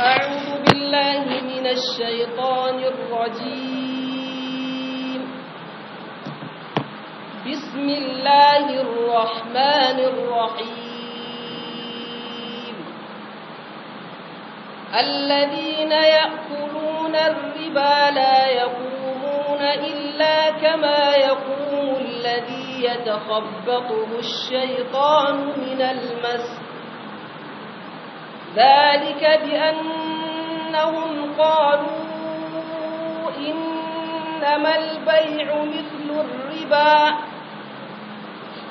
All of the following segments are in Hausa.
أعوذ بالله من الشيطان الرجيم بسم الله الرحمن الرحيم الذين يأكلون الربا لا يقومون إلا كما يقوم الذي يتخبطه الشيطان من المس ذلك بأنهم قالوا إنما البيع مثل الربا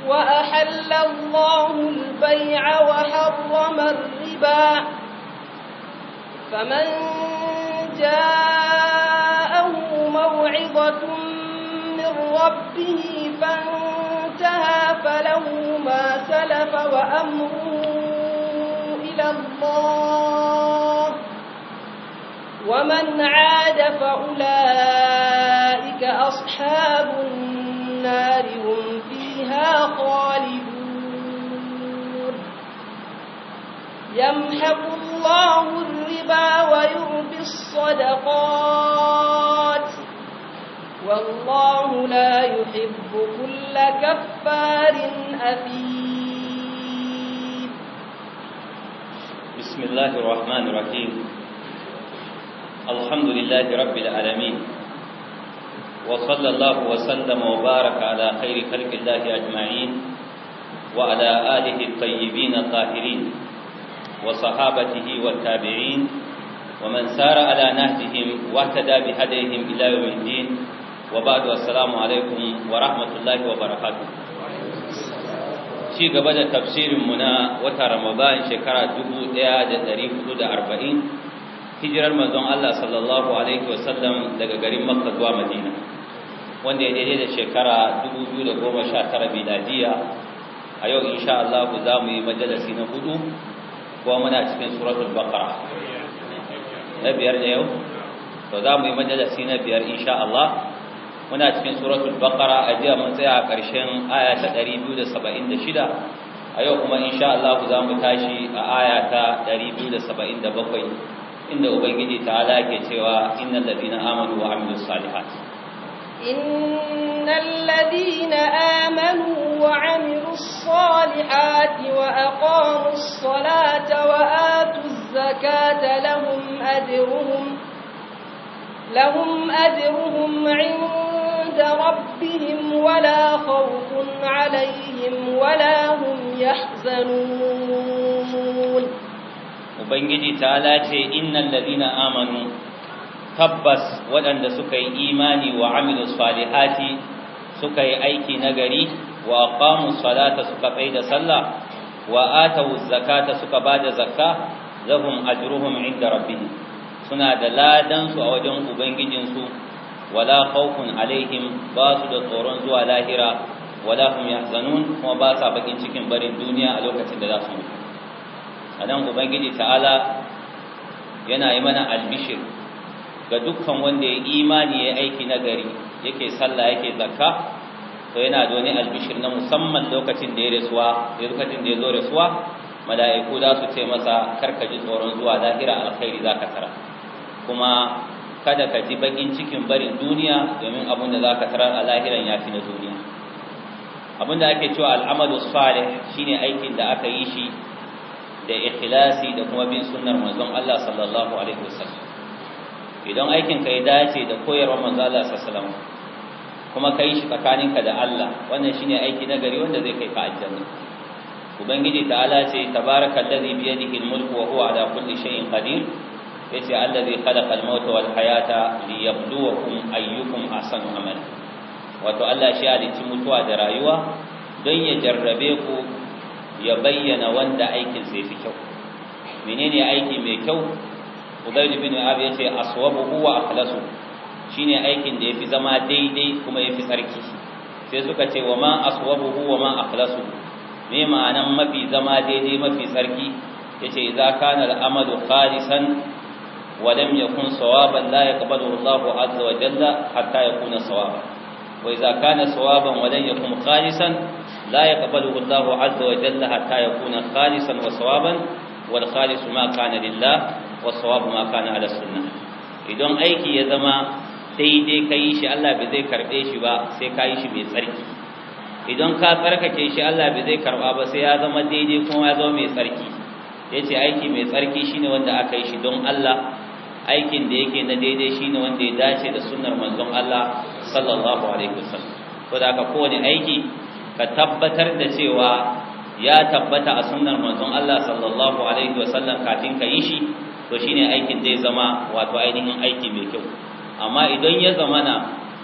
وأحل الله البيع وحرم الربا فمن جاءه موعظة من ربه فانتهى فله ما سلف وأمره الله ومن عاد فأولئك أصحاب النار هم فيها خالدون يمحق الله الربا ويربي الصدقات والله لا يحب كل كفار أثيم بسم الله الرحمن الرحيم الحمد لله رب العالمين وصلى الله وسلم وبارك على خير خلق الله أجمعين وعلى آله الطيبين الطاهرين وصحابته والتابعين ومن سار على نهجهم واهتدى بهديهم إلى يوم الدين وبعد السلام عليكم ورحمة الله وبركاته ci gaba da tafsirinmu na wata ramadan shekara 1440 hijirar manzon Allah sallallahu alaihi wasallam daga garin makka zuwa madina wanda ya daidai da shekara 2019 miladiya a yau insha Allah za mu yi majalisi na hudu kuma muna cikin suratul baqara na biyar da yau to za mu yi majalisi na biyar insha Allah muna cikin suratul baqara a jiya mun tsaya a ƙarshen aya ta 276 a yau kuma insha Allah za mu tashi a aya ta 277 inda ubangiji ta'ala ke cewa innal ladina amanu wa amilus salihat إن الذين آمنوا وعملوا الصالحات salata, الصلاة وآتوا الزكاة لهم أجرهم لهم أجرهم عند ربهم ولا خوف عليهم ولا هم يحزنون وبنجي تعالى إن الذين amanu, tabbas waɗanda suka yi imani wa aminu salihati suka yi aiki nagari wa qamu salata suka da sallah wa atawu zakata suka bada zakka lahum ajruhum inda rabbihim suna da ladansu a wajen ubangijin su wala khawfun alaihim ba su da tsoron zuwa lahira wala hum yahzanun kuma ba sa bakin cikin barin duniya a lokacin da za su mutu anan ubangiji ta'ala yana yi mana albishir ga dukkan wanda ya imani ya aiki na gari yake sallah yake zakka to yana da wani albishir na musamman lokacin da ya rasuwa lokacin da ya zo rasuwa mala'iku za su ce masa karka ji tsoron zuwa lahira alkhairi zaka tara kuma kada ka ji bakin cikin barin duniya domin abin da za ka tarar a lahiran ya fi na duniya abin da ake cewa al'amalu salih shine aikin da aka yi shi da ikhlasi da kuma bin sunnar manzon Allah sallallahu alaihi wasallam idan aikin ka ya dace da koyarwar manzon Allah sallallahu alaihi wasallam kuma kai shi tsakaninka da Allah wannan shine aiki na gari wanda zai kai ka aljanna ubangiji ta'ala ce tabarakal ladhi bi yadihi al-mulku wa huwa ala kulli shay'in qadir yace allazi khalaqa al-maut wal hayata liyabluwakum ayyukum ahsanu amala wato Allah shi halicci mutuwa da rayuwa don ya jarrabe ku ya bayyana wanda aikin sai fi kyau menene aiki mai kyau Ubayd bin Abi yace aswabuhu wa akhlasu shine aikin da yafi zama daidai kuma yafi tsarki sai suka ce wa ma aswabuhu huwa ma akhlasu me ma'anan mafi zama daidai mafi tsarki yace idza kana al khalisan ولم يكن صوابا لا يقبله الله عز وجل حتى يكون صوابا وإذا كان صوابا ولن يكن خالصا لا يقبله الله عز وجل حتى يكون خالصا وصوابا والخالص ما كان لله والصواب ما كان على السنة idan aiki ya zama daidai ka yi shi Allah bai zai karɓe shi ba sai ka yi shi mai tsarki idan ka ke shi Allah bai zai karɓa ba sai ya zama daidai kuma ya zama mai tsarki ya ce aiki mai tsarki shine wanda aka yi shi don Allah aikin da yake na daidai shine wanda ya dace da sunnar manzon Allah sallallahu alaihi wasallam ko da ka kowane aiki ka tabbatar da cewa ya tabbata a sunnar manzon Allah sallallahu alaihi wasallam kafin ka yi shi to shine aikin zai zama wato ainihin aiki mai kyau amma idan ya zama na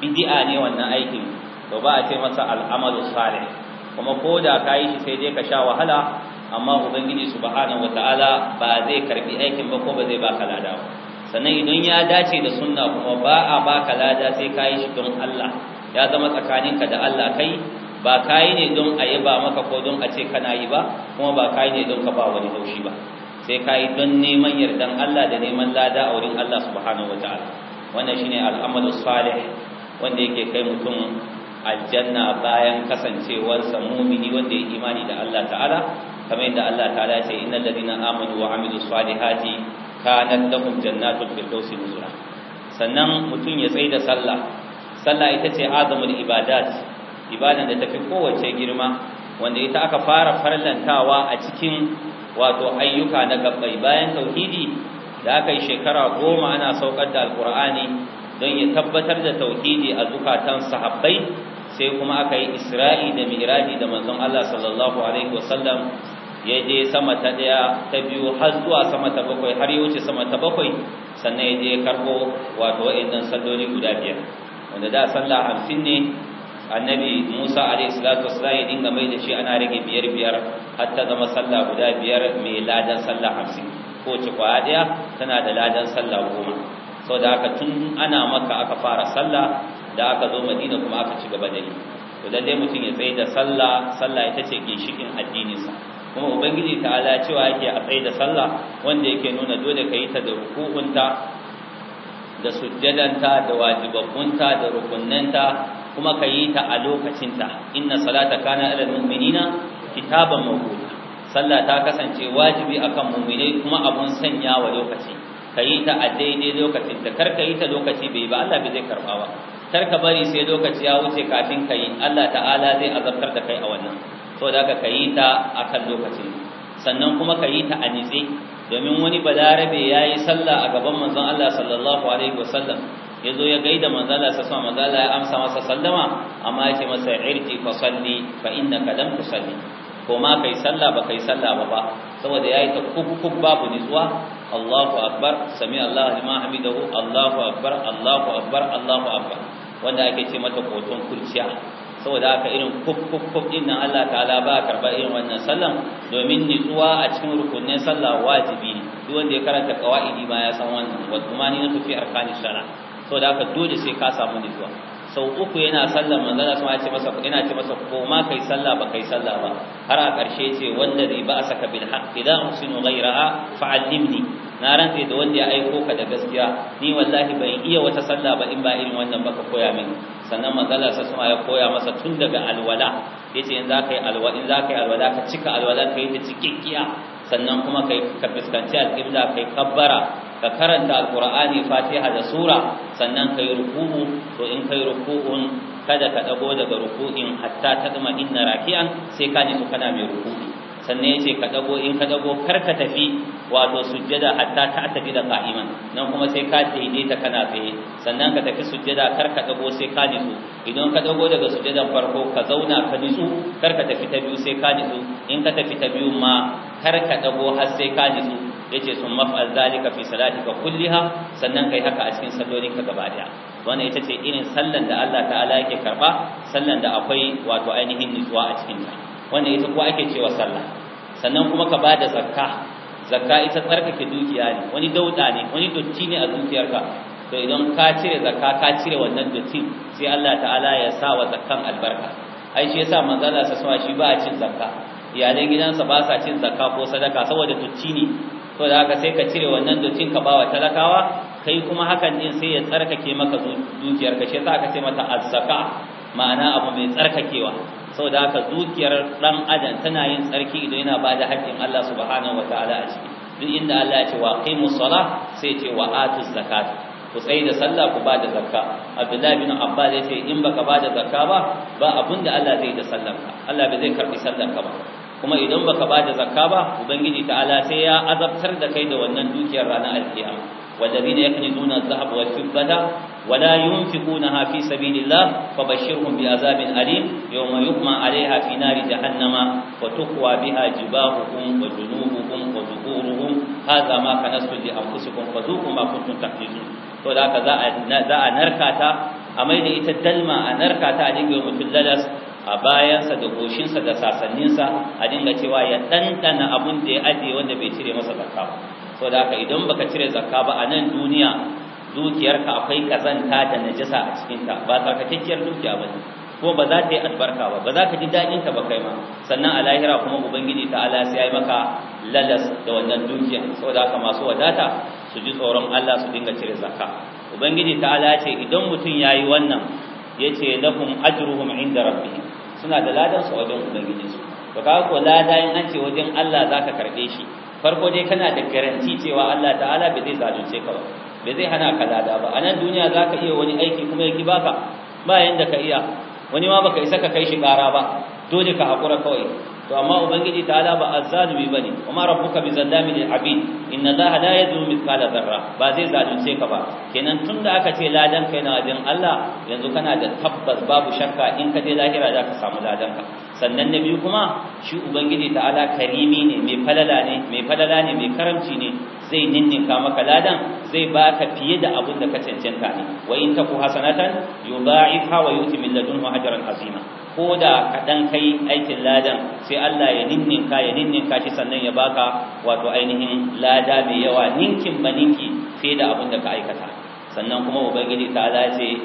bidi'a ne wannan aikin to ba a ce masa al'amalu salih kuma ko da ka yi shi sai dai ka sha wahala amma ubangiji subhanahu ta'ala ba zai karbi aikin ba ko ba zai baka lada ba sannan idan ya dace da sunna kuma ba a baka lada sai kayi shi don Allah ya zama tsakaninka da Allah kai ba kayi ne don a yi ba maka ko don a ce kana yi ba kuma ba kayi ne don ka ba wani haushi ba sai ka yi don neman yardan Allah da neman lada a wurin Allah subhanahu wataala wannan shine al'amalu salih wanda yake kai mutum aljanna bayan kasancewarsa mumini wanda ya imani da Allah ta'ala kamar yadda Allah ta'ala ce innal ladina amanu wa amilus salihati kanat lahum jannatul firdausi nuzula sannan mutum ya tsai da sallah sallah ita ce azamul ibadat ibada da tafi kowace girma wanda ita aka fara farlantawa a cikin wato ayyuka na gabbai bayan tauhidi da aka yi shekara goma ana saukar da alkur'ani don ya tabbatar da tauhidi a zukatan sahabbai sai kuma aka yi isra'i da Miradi da manzon Allah sallallahu alaihi wasallam ya je sama ta daya ta biyu har zuwa sama ta bakwai har ya wuce sama ta bakwai sannan ya je karbo wato wa'annan salloli guda biyar wanda da sallah hamsin ne annabi musa alaihi salatu wasallam ya dinga mai da shi ana rage biyar biyar har ta zama sallah guda biyar mai ladan sallah hamsin kowace kwaya daya tana da ladan sallah goma sau da haka tun ana maka aka fara sallah da aka zo madina kuma aka ci gaba da yi to lallai mutum ya tsaye da sallah sallah ita ce ginshikin addininsa kuma ubangiji ta'ala cewa yake a tsaye da sallah wanda yake nuna dole ka yi ta da rukunta da sujjadanta da wajibabbunta da rukunnanta kuma ka yi ta a lokacinta inna salata kana ala mu'minina kitaban mawquta sallah ta kasance wajibi akan mu'minai kuma abun sanya wa lokaci ka yi ta a daidai lokacin ta kar yi ta lokaci bai ba Allah bai zai karba ba kar bari sai lokaci ya wuce kafin ka yi Allah ta'ala zai azabtar da kai a wannan saboda haka ka yi ta a kan lokacin sannan kuma ka yi ta a nitse domin wani balarabe ya yi sallah a gaban manzon Allah sallallahu alaihi wasallam ya zo ya gaida manzon Allah sallallahu alaihi wasallam ya amsa masa sallama amma ya ce masa irti fa salli fa innaka lam tusalli ko ma kai sallah ba kai sallah ba ba saboda yi ta kukkuk babu nitsuwa Allahu akbar sami Allah liman hamidahu Allahu akbar Allahu akbar Allahu akbar wanda ake ce mata koton kurciya saboda haka irin kuf kuf kuf din nan Allah ta'ala ba karba irin wannan sallan domin nitsuwa a cikin rukunin sallah wajibi ne duk wanda ya karanta qawaidi ba ya san wannan wa tumani na fi arkani sala saboda haka dole sai ka samu nitsuwa sau uku yana sallar manzon sama ya ce masa ina ce masa ko ma kai sallah ba kai sallah ba har a karshe ce wanda zai ba saka bil haqqi da usinu ghayraha fa'allimni na rantse da wanda ya aiko ka da gaskiya ni wallahi ban iya wata sallah ba in ba irin wannan baka koya mini sannan manzala sa suma ya koya masa tun daga alwala yace in za yi alwala in za ka yi alwala ka cika alwala ka yi ta cikakkiya sannan kuma kai ka fuskanci alƙibla kai kabbara ka karanta alqur'ani fatiha da sura sannan kai ruku'u to in kai ruku'un kada ka dago daga ruku'in hatta tadma inna raki'an sai ka nitsu kana mai ruku'i sannan yace ka dago in ka dago kar ka tafi wato sujjada hatta ta tafi da qa'iman nan kuma sai ka daidaita kana tsaye sannan ka tafi sujjada kar ka dago sai ka nitsu idan ka dago daga sujjadan farko ka zauna ka nitsu kar ka tafi ta biyu sai ka nitsu in ka tafi ta biyu ma kar ka dago har sai ka nitsu yace sun maf'al zalika fi salatika kulliha sannan kai haka a cikin ka gaba daya wannan ita ce irin sallan da Allah ta'ala yake karba sallan da akwai wato ainihin nitsuwa a cikin ta wanda ita kuwa ake cewa sallah sannan kuma ka bada zakka zakka ita tsarkake dukiya ne wani dauda ne wani dotti ne a dukiyarka to idan ka cire zakka ka cire wannan dotti sai Allah ta'ala ya sa wa zakkan albarka ai shi yasa manzo Allah sa shi ba a cin zakka iyalan gidansa ba sa cin zakka ko sadaka saboda dotti ne to da haka sai ka cire wannan dottin ka ba wa talakawa kai kuma hakan din sai ya tsarkake maka dukiyarka shi yasa aka ce mata az-zaka ma'ana abu mai tsarkakewa saboda haka dukiyar dan adam tana yin tsarki idan yana ba da Allah subhanahu wataala a ciki duk inda Allah ya ce wa qimus salah sai ce wa atuz zakat ku tsaye da sallah ku ba da zakka abdullahi bin abbas ya ce in baka ba da zakka ba ba abun da Allah zai da sallar ka Allah bai zai karbi sallar ka ba kuma idan baka ba da zakka ba ubangiji ta'ala sai ya azabtar da kai da wannan dukiyar ranar alkiyama والذين يكنزون الذهب والفضة ولا ينفقونها في سبيل الله فبشرهم بعذاب أليم يوم يقمى عليها في نار جهنم وتقوى بها جباههم وجنوبهم وظهورهم هذا ما كنستم لأنفسكم فذوقوا ما كنتم تكنزون وذاك ذا نركاتا أمين إتدلما نركاتا لك يوم تللس a bayansa da goshinsa da sasanninsa a dinga cewa ya ɗanɗana abun da ya ajiye wanda bai cire masa zakka ba so da haka idan baka cire zakka ba a nan duniya dukiyarka akwai kazanta da najasa a cikinta ba tsarkakakkiyar dukiya ba ne ko ba za ta yi albarka ba ba za ka ji daɗin ta ba kai ma sannan a lahira kuma ubangiji ta ala sai ya maka lalas da wannan dukiya da haka masu wadata su ji tsoron Allah su dinga cire zakka ubangiji ta ala ce idan mutum ya yi wannan yace lahum ajruhum inda rabbi suna da ladan su wajen ubangijin su to kaga ko lada in an ce wajen Allah zaka karbe shi farko dai kana da garanti cewa Allah ta'ala bai zai zalunce ka ba bai zai hana ka lada ba a nan duniya zaka iya wani aiki kuma ya ki baka ba yanda ka iya wani ma baka isa ka kai shi ƙara ba dole ka haƙura kawai to amma ubangiji ta'ala ba azzalimi bane kuma rabbuka bi zallami lil abid inna allaha la yadhlimu mithqala dharra ba zai zalunce ka ba kenan tunda aka ce ladan kai na wajen Allah yanzu kana da tabbas babu shakka in ka je lahira za ka samu ladan ka sannan na biyu kuma shi ubangiji ta'ala karimi ne mai falala ne mai falala ne mai karamci ne zai ninninka maka ladan zai baka fiye da abin da ka cancanta ne wa in taku hasanatan yudha'ifha wa yuti min ladunhu ajran azima ko da kaɗan kai aikin ladan sai Allah ya ninninka ya ninninka shi sannan ya baka wato ainihin lada mai yawa ninkin ba ninki fiye da abin da ka aikata sannan kuma ubangiji ta ce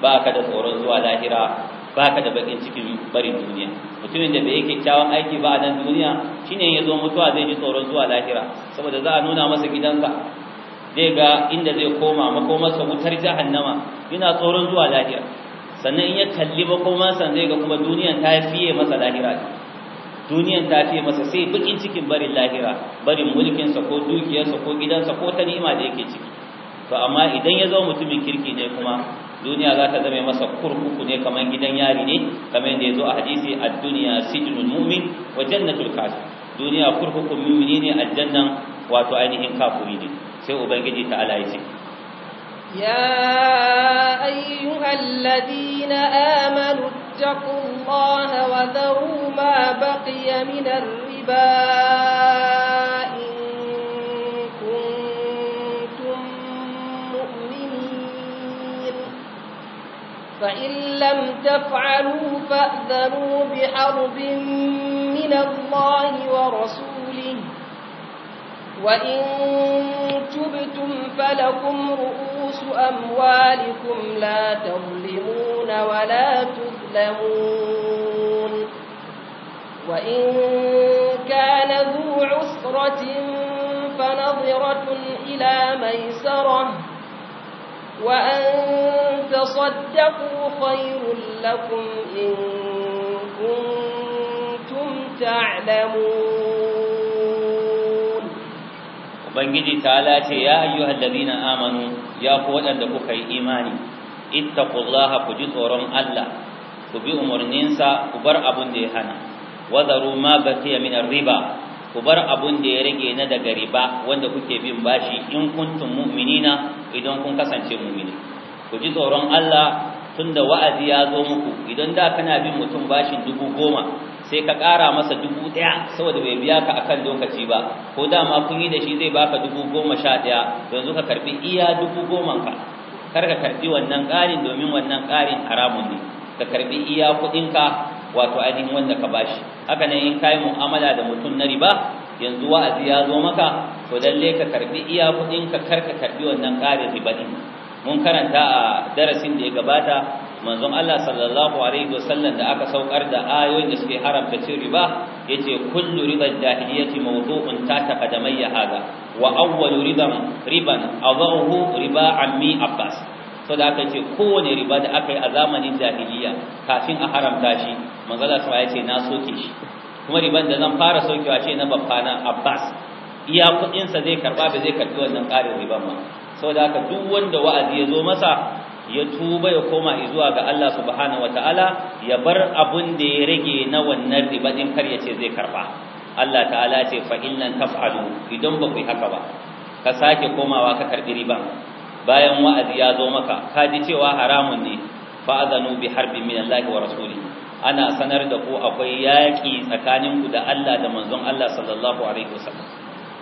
ba da tsoron zuwa lahira ba da bakin cikin barin duniya mutumin da bai yi kyakkyawan aiki ba a nan duniya shine ya zo mutuwa zai ji tsoron zuwa lahira saboda za a nuna masa gidansa zai ga inda zai koma makomarsa wutar jahannama yana tsoron zuwa lahira sannan in ya kalli ba kuma san zai ga kuma duniyan ta fiye masa lahira duniyan ta fiye masa sai bukin cikin barin lahira barin mulkin sa, ko sa, ko gidan sa, ko ta ni'ima da yake ciki to amma idan ya zama mutumin kirki ne kuma duniya za ta zama masa kurkuku ne kamar gidan yari ne kamar yadda ya zo a hadisi a duniya sijinul mu'min wa jannatul kafir duniya kurkukun mu'mini ne aljannan wato ainihin kafuri ne sai ubangiji ta ala يا أيها الذين آمنوا اتقوا الله وذروا ما بقي من الربا إن كنتم مؤمنين فإن لم تفعلوا فأذنوا بحرب من الله ورسوله وإن تبتم فلكم رؤوس أموالكم لا تظلمون ولا تظلمون وإن كان ذو عسرة فنظرة إلى ميسرة وأن تصدقوا خير لكم إن كنتم تعلمون ubangiji ta'ala ce ya ayyuhal ladina amanu ya ku waɗanda kuka yi imani ittaqullaha ku ji tsoron Allah ku bi umarninsa ku bar abun da ya hana wadaru ma baqiya min riba ku bar abun da ya rage na daga riba wanda kuke bin bashi in kuntum mu'minina idan kun kasance mu'mini ku ji tsoron Allah tunda wa'azi ya zo muku idan da kana bin mutum bashin dubu goma sai ka ƙara masa dubu ɗaya saboda bai biya ka akan lokaci ba ko dama kun yi da shi zai baka dubu goma sha ɗaya yanzu ka karɓi iya dubu goma ka kar ka karɓi wannan ƙarin domin wannan ƙarin haramun ne ka karɓi iya kuɗinka wato ainihin wanda ka bashi haka nan in kayi mu'amala da mutum na riba yanzu wa'azi ya zo maka to lalle ka karɓi iya kuɗinka kar ka karɓi wannan ƙarin riba ɗin mun karanta a darasin da ya gabata manzon Allah sallallahu alaihi wa sallam da aka saukar da ayoyin da suke haramta cin riba yace kullu riba jahiliyyati mawdu'un ta taqadamayya hada wa awwalu riban riban adahu riba ammi abbas to da aka ce kowane riba da aka yi a zamanin jahiliyya kafin a haramta shi manzon Allah ya ce na soke shi kuma riban da zan fara sokewa ce na babbana abbas iya kuɗinsa zai karba ba zai karbi wannan ƙarin riban ba saboda haka duk wanda wa'azi ya zo masa ya tuba ya koma zuwa ga Allah subhanahu wataala ya bar abun da ya rage na wannan riba din kar ya ce zai karba Allah ta'ala ce fa illan taf'alu idan ba ku yi haka ba ka sake komawa ka karbi riba bayan wa'azi ya zo maka ka ji cewa haramun ne fa azanu bi harbi min Allah wa rasuli ana sanar da ku akwai yaki tsakanin ku da Allah da manzon Allah sallallahu alaihi wasallam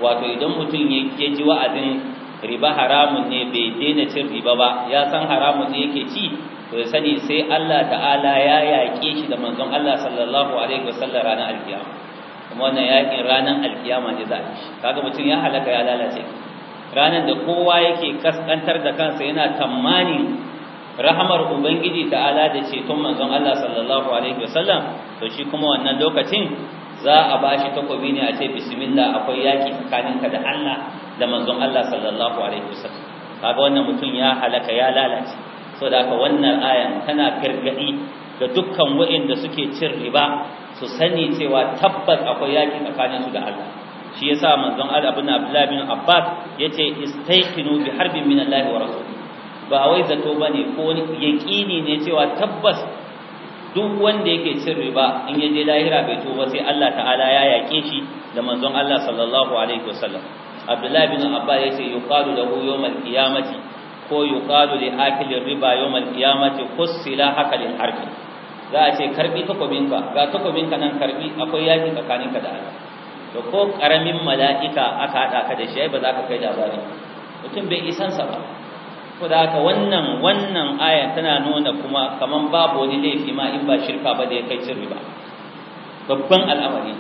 wato idan mutum ya ji wa'azin riba haramun ne bai daina cin riba ba ya san haramun ne yake ci to ya sani sai Allah ta'ala ya yaƙe shi da manzon Allah sallallahu alaihi wa sallam ranar alkiyama kuma wannan yaƙin ranar alkiyama ne za a kaga mutum ya halaka ya lalace ranar da kowa yake kaskantar da kansa yana tamani rahamar ubangiji ta'ala da ceton manzon Allah sallallahu alaihi wasallam to shi kuma wannan lokacin za a bashi takobi ne a ce bismillah akwai yaki tsakaninka da Allah da manzon Allah sallallahu alaihi wasallam kaga wannan mutum ya halaka ya lalace saboda haka wannan ayan tana gargadi ga dukkan waɗanda suke cin riba su sani cewa tabbas akwai yaki tsakaninsu da Allah shi yasa manzon Allah ibn Abdullah bin Abbas yace istayqinu bi harbin min Allah wa rasul ba wai zato bane ko wani yaqini ne cewa tabbas duk wanda yake cin riba in ya je lahira bai tuba sai Allah ta'ala ya yake shi da manzon Allah sallallahu alaihi wasallam Abdullah bin Abba ya ce yuqalu lahu al qiyamati ko yuqalu li akil riba al qiyamati khussila haka lil harbi za a ce karbi takobinka ga takobinka nan karbi akwai yaki tsakaninka da Allah da ko karamin mala'ika aka hada ka da shi ba za ka kai labari mutum bai isansa ba saboda haka wannan wannan aya tana nuna kuma kaman babu wani laifi ma in ba shirka ba da ya kai cin babban al'amari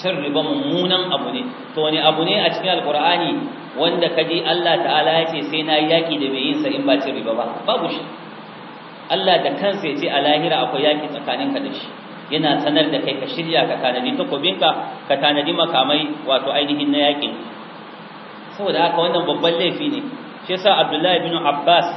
cin mummunan abu ne to wani abu ne a cikin alkur'ani wanda kaji Allah ta'ala ya ce sai na yaki da mai yin sa in ba cin ba babu shi Allah da kansa ya ce a lahira akwai yaki tsakaninka da shi yana sanar da kai ka shirya ka tanadi takobinka ka tanadi makamai wato ainihin na yakin saboda haka wannan babban laifi ne shi yasa abdullahi bin abbas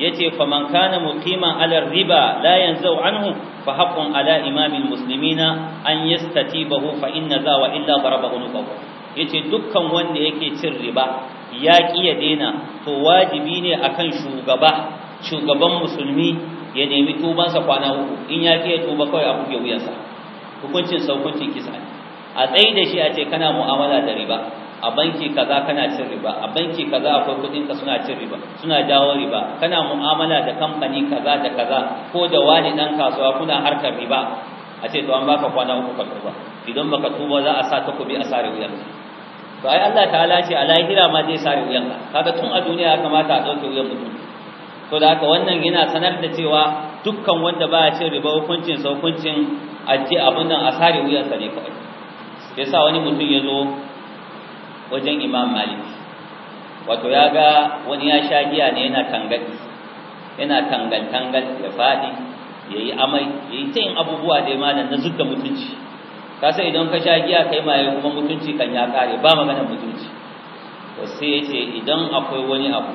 yace faman kana muqiman ala riba la yanzau anhu fa haqqun ala imamil muslimina an yastatibahu fa inna za wa illa baraba unuqahu yace dukkan wanda yake cin riba ya ki ya dena to wajibi ne akan shugaba shugaban musulmi ya nemi tubansa kwana uku in ya ki tuba kawai a buge wuyansa hukuncin kisa ne a tsaye da shi a ce kana mu'amala da riba a banki kaza kana cin riba a banki kaza akwai kudin ka suna cin riba suna dawo riba kana mu'amala da kamfani kaza da kaza ko da wani dan kasuwa kuna harkar riba a ce to an baka kwana uku kan tuba idan baka tuba za a sa takobi a sare wuyan to ai Allah ta'ala ce a hira ma zai sare wuyan kaga tun a duniya ya kamata a dauke wuyan mutum to da haka wannan yana sanar da cewa dukkan wanda ba ya cin riba hukuncin sa hukuncin aje abin nan a sare wuyan sa ne kawai yasa wani mutum ya zo wajen imam malik wato ya ga wani ya sha giya ne yana tangal yana tangal-tangal ya faɗi ya yi amai ya yi tayin abubuwa da ma na zudda mutunci ka sai idan ka sha giya kai ma ya kuma mutunci kan ya kare ba magana mutunci to sai ya ce idan akwai wani abu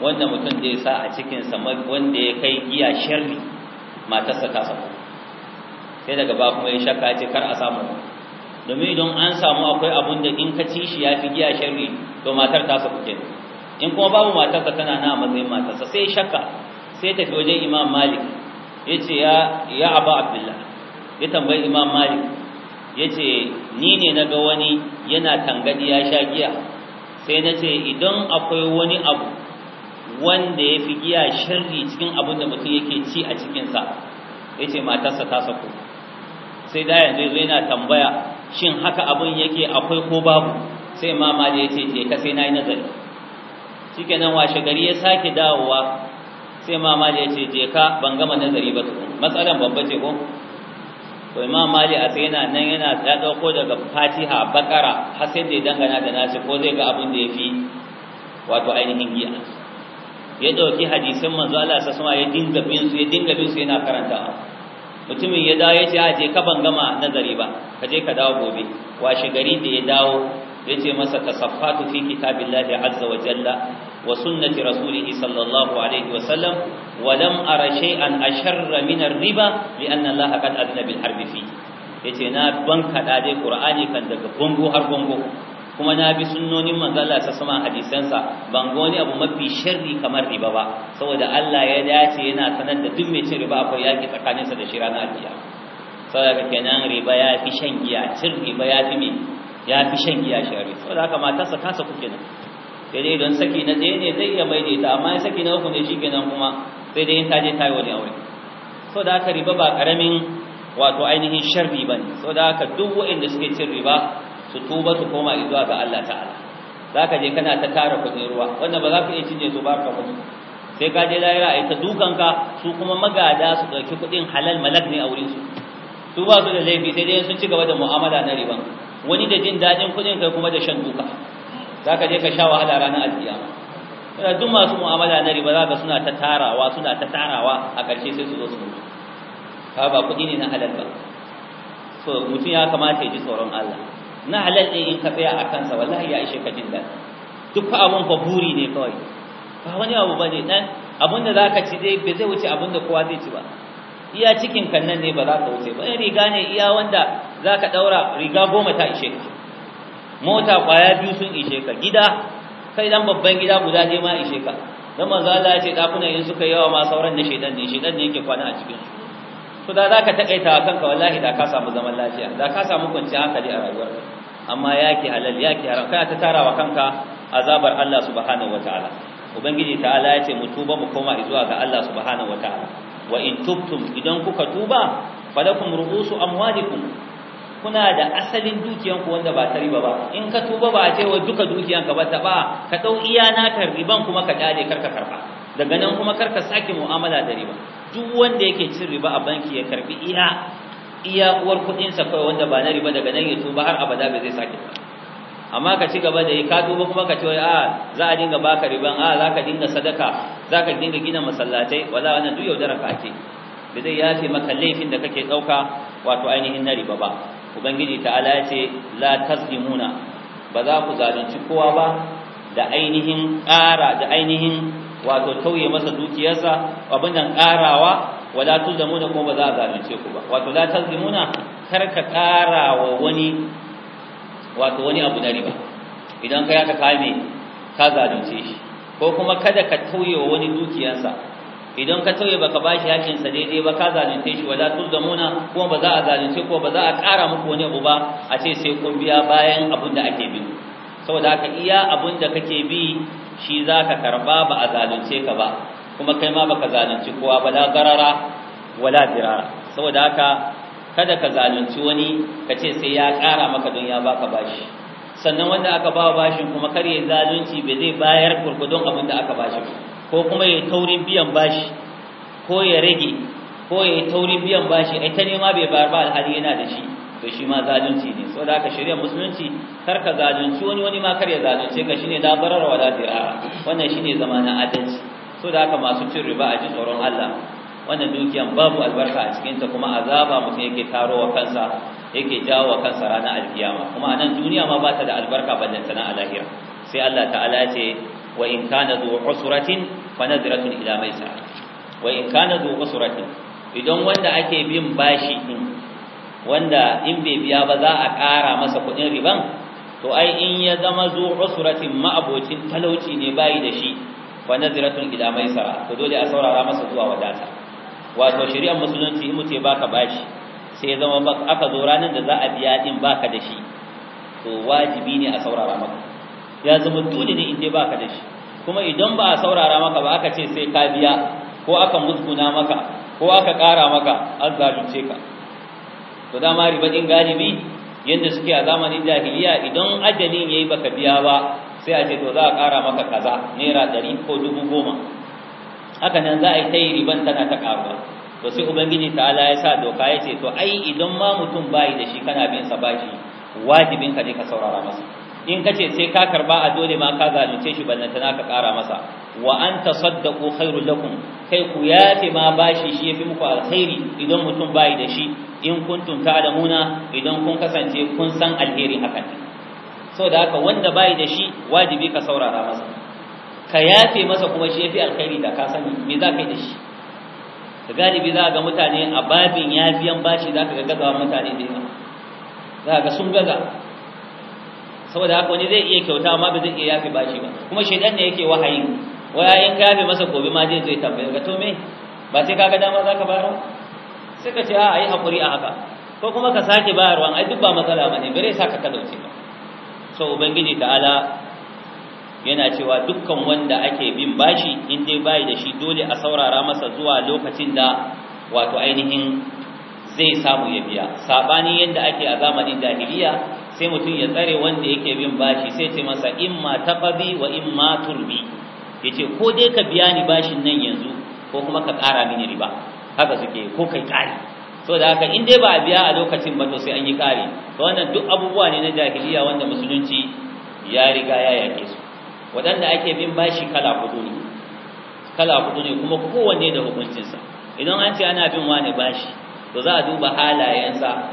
wanda mutum zai sa a cikin cikinsa wanda ya kai giya sharri matarsa ta sako sai daga ba kuma ya shakka ce kar a samu domin idan an samu akwai abun da in ka ci shi ya fi giya sharri to matar ta saku ke in kuma babu matarsa tana na matsayin matarsa sai shakka sai tafi wajen imam malik ya ce ya aba abdullah ya tambayi imam malik ya ce ni ne na ga wani yana tangadi ya sha giya sai na ce idan akwai wani abu wanda ya fi giya sharri cikin abun da mutum yake ci a cikinsa ya ce matarsa ta sako sai da yanzu yana tambaya shin haka abin yake akwai ko babu sai mama da yace je ka sai nayi nazari shikenan washe gari ya sake dawowa sai mama da yace je ka ban gama nazari ba tukun matsalan babba ce ko to imam mali a sai yana nan yana da dauko daga fatiha bakara har sai da ya dangana da nasi ko zai ga abin da ya fi? wato ainihin giya ya dauki hadisin manzo Allah sallallahu alaihi ya dinga bin su ya dinga bin su yana karantawa mutumin ya dawo ya ce aje ka ban gama nazari ba ka je ka dawo gobe washe gari da ya dawo ya ce masa tasaffatu fi kitabillahi azza wa jalla wa sunnati rasulih sallallahu alaihi wa sallam wa lam ara shay'an asharra min ar-riba li anna allaha qad adna bil harbi fi yace na ban kada dai qur'ani kan daga bango har bango kuma na bi sunnonin manzala sa sama hadisansa ban ga wani abu mafi sharri kamar riba ba saboda Allah ya dace yana sanar da duk mai cin riba akwai yaki tsakaninsa da shi ranar alkiya saboda kenan riba ya fi shan giya cin riba ya fi me ya fi shan giya shari saboda haka matarsa ta saku kuke sai dai don saki na ɗaya ne zai iya maidaita amma saki na uku ne shi kenan kuma sai dai in ta je ta yi wani aure saboda haka riba ba karamin wato ainihin sharri bane saboda haka duk waɗanda suke cin riba su tuba su koma zuwa ga Allah ta'ala Za ka je kana ta tara kuɗin ruwa wanda ba za ka iya cinye su ba ka kudi sai ka je a ai ta dukanka su kuma magada su ɗauki kuɗin halal malak ne a wurin su su ba su da laifi sai dai sun ci gaba da mu'amala na riban wani da jin daɗin kuɗin kai kuma da shan duka za ka je ka sha wahala ranar alkiyama yana duk masu mu'amala na riba za ka suna ta tarawa suna ta tarawa a ƙarshe sai su zo su mutu ka ba kuɗi ne na halal ba so mutum ya kamata ya ji tsoron Allah na halal ne in ka tsaya a kansa wallahi ya ishe ka jin daɗi duk abun fa buri ne kawai ba wani abu ba ne ɗan abun da za ka ci dai ba zai wuce abun da kowa zai ci ba iya cikin kannan nan ne ba za ka wuce ba in riga ne iya wanda za ka ɗaura riga goma ta ishe ka mota ƙwaya biyu sun ishe ka gida kai dan babban gida guda ne ma ishe ka dan manzo Allah ya ce in suka yawa ma sauran da shedan ne shedan ne yake kwana a cikin su so da zaka takaita kanka wallahi da ka samu zaman lafiya da ka samu kwanciyar hankali a rayuwar amma yake halal yake haram kana ta tarawa kanka azabar Allah subhanahu wataala ubangiji ta'ala yace mu tuba mu koma zuwa ga Allah subhanahu wataala wa in tubtum idan kuka tuba falakum rubusu amwalikum kuna da asalin dukiyanku wanda ba ta riba ba in ka tuba ba a ce wa duka dukiyanka ba ta ba ka dau iya naka riban kuma ka dade karka karba daga nan kuma karka sake mu'amala da riba duk wanda yake cin riba a banki ya karbi iya iya uwar kuɗinsa kawai wanda ba na riba daga nan ya ba har abada bai zai sake ba amma ka ci gaba da yi ka duba kuma ka ce wai a ah, za a dinga baka riban a ah, za ka dinga sadaka za ka dinga gina masallatai wala wannan duk yaudara ka ake da zai yafe maka laifin da kake ɗauka wato ainihin na riba ba ubangiji ta'ala ya ce la tasdimuna ba za ku zalunci kowa ba da ainihin ƙara da ainihin wato tauye masa dukiyarsa abin nan karawa wala tuzamuna kuma ba za a zalunce ku ba wato la tazimuna kar ka karawa wani wato wani abu na riba idan ka yaka kame ka zalunce shi ko kuma kada ka tauye wa wani dukiyarsa idan ka tauye baka bashi hakkin sa daidai ba ka zalunce shi wala tuzamuna kuma ba za a zalunce ku ba za a kara muku wani abu ba a ce sai kun biya bayan abin da ake bi saboda haka iya abin da kake bi shi za ka karba ba a zalunce ka ba kuma kai ma ba ka zalunci kowa ba la garara wala dirara saboda haka kada ka zalunci wani ka ce sai ya ƙara maka don ya baka bashi sannan wanda aka ba bashin kuma kar ya zalunci ba zai bayar kurkudun abin da aka bashi ko kuma ya taurin biyan bashi ko ya rage ko ya yi taurin biyan bashi ai ta nema bai bayar ba alhali yana da shi to shi ma zalunci ne so da aka shirya musulunci kar ka zalunci wani wani ma kar ya zalunce ka shine da barar wa dira wannan shine zamanin adalci so da aka masu cin riba a ji tsoron Allah wannan dukiyan babu albarka a cikin ta kuma azaba mutum yake taro wa kansa yake jawo wa kansa ranar alkiyama kuma a nan duniya ma bata da albarka ballanta na alahira sai Allah ta'ala ce wa in kana zuwa usratin fa nadratun ila maisa wa in kana zuwa usratin idan wanda ake bin bashi din wanda in bai biya ba za a ƙara masa kuɗin riban to ai in ya zama zu usratin ma'abocin talauci ne bayi da shi wa naziratun ila maisara to dole a saurara masa zuwa wadata wato shari'ar musulunci in mutum baka bashi sai zama ba aka zo ranar da za a biya din baka da shi to wajibi ne a saurara maka ya zama dole ne in dai baka da shi kuma idan ba a saurara maka ba aka ce sai ka biya ko aka musguna maka ko aka ƙara maka an zalunce ka to dama riba din galibi yanda suke a zamanin jahiliya idan ajalin yayi baka biya ba sai a ce to za a ƙara maka kaza naira ɗari ko dubu goma haka nan za a yi ta yi riban tana ta ƙaruwa to sai ubangiji ala ya sa doka ya ce to ai idan ma mutum bayi da shi kana bin sa bashi wajibin ka je ka saurara masa in ka ce sai ka karba a dole ma ka zalunce shi ballantana ka ƙara masa wa an tasaddaqu khairul lakum kai ku yafe ma bashi shi yafi muku alkhairi idan mutum bayi da shi in kuntum ta'lamuna idan kun kasance kun san alheri hakan so da haka wanda bai da shi wajibi ka saurara masa ka yafe masa kuma shi yafi alkhairi da ka sani me za ka yi da shi da galibi za ga mutane a babin yafiyan bashi za ka ga gazawa mutane da yawa za ga sun gaza saboda haka wani zai iya kyauta amma ba zai iya yafe bashi ba kuma shaidan ne yake wahayi wayayen ka yafe masa gobe ma zai zai tambaye to me ba sai ka ga dama za ka bayar sai ka ce a yi hakuri a haka ko kuma ka sake bayarwa ai duk ba matsala bane bare sa ka talauce ba so ubangiji ta'ala yana cewa dukkan wanda ake bin bashi in dai bai da shi dole a saurara masa zuwa lokacin da wato ainihin zai samu ya biya sabani yadda ake a zamanin jahiliya sai mutum ya tsare wanda yake bin bashi sai ce masa imma taqabi wa imma turbi yace ko dai ka biya ni bashin nan yanzu ko kuma ka ƙara mini riba haka suke ko kai ƙari so da haka in dai ba a biya a lokacin ba to sai an yi ƙari to wannan duk abubuwa ne na jahiliya wanda musulunci ya riga ya yaƙe su waɗanda ake bin bashi kala hudu ne kala hudu ne kuma kowanne da hukuncinsa idan an ce ana bin wani bashi to za a duba halayensa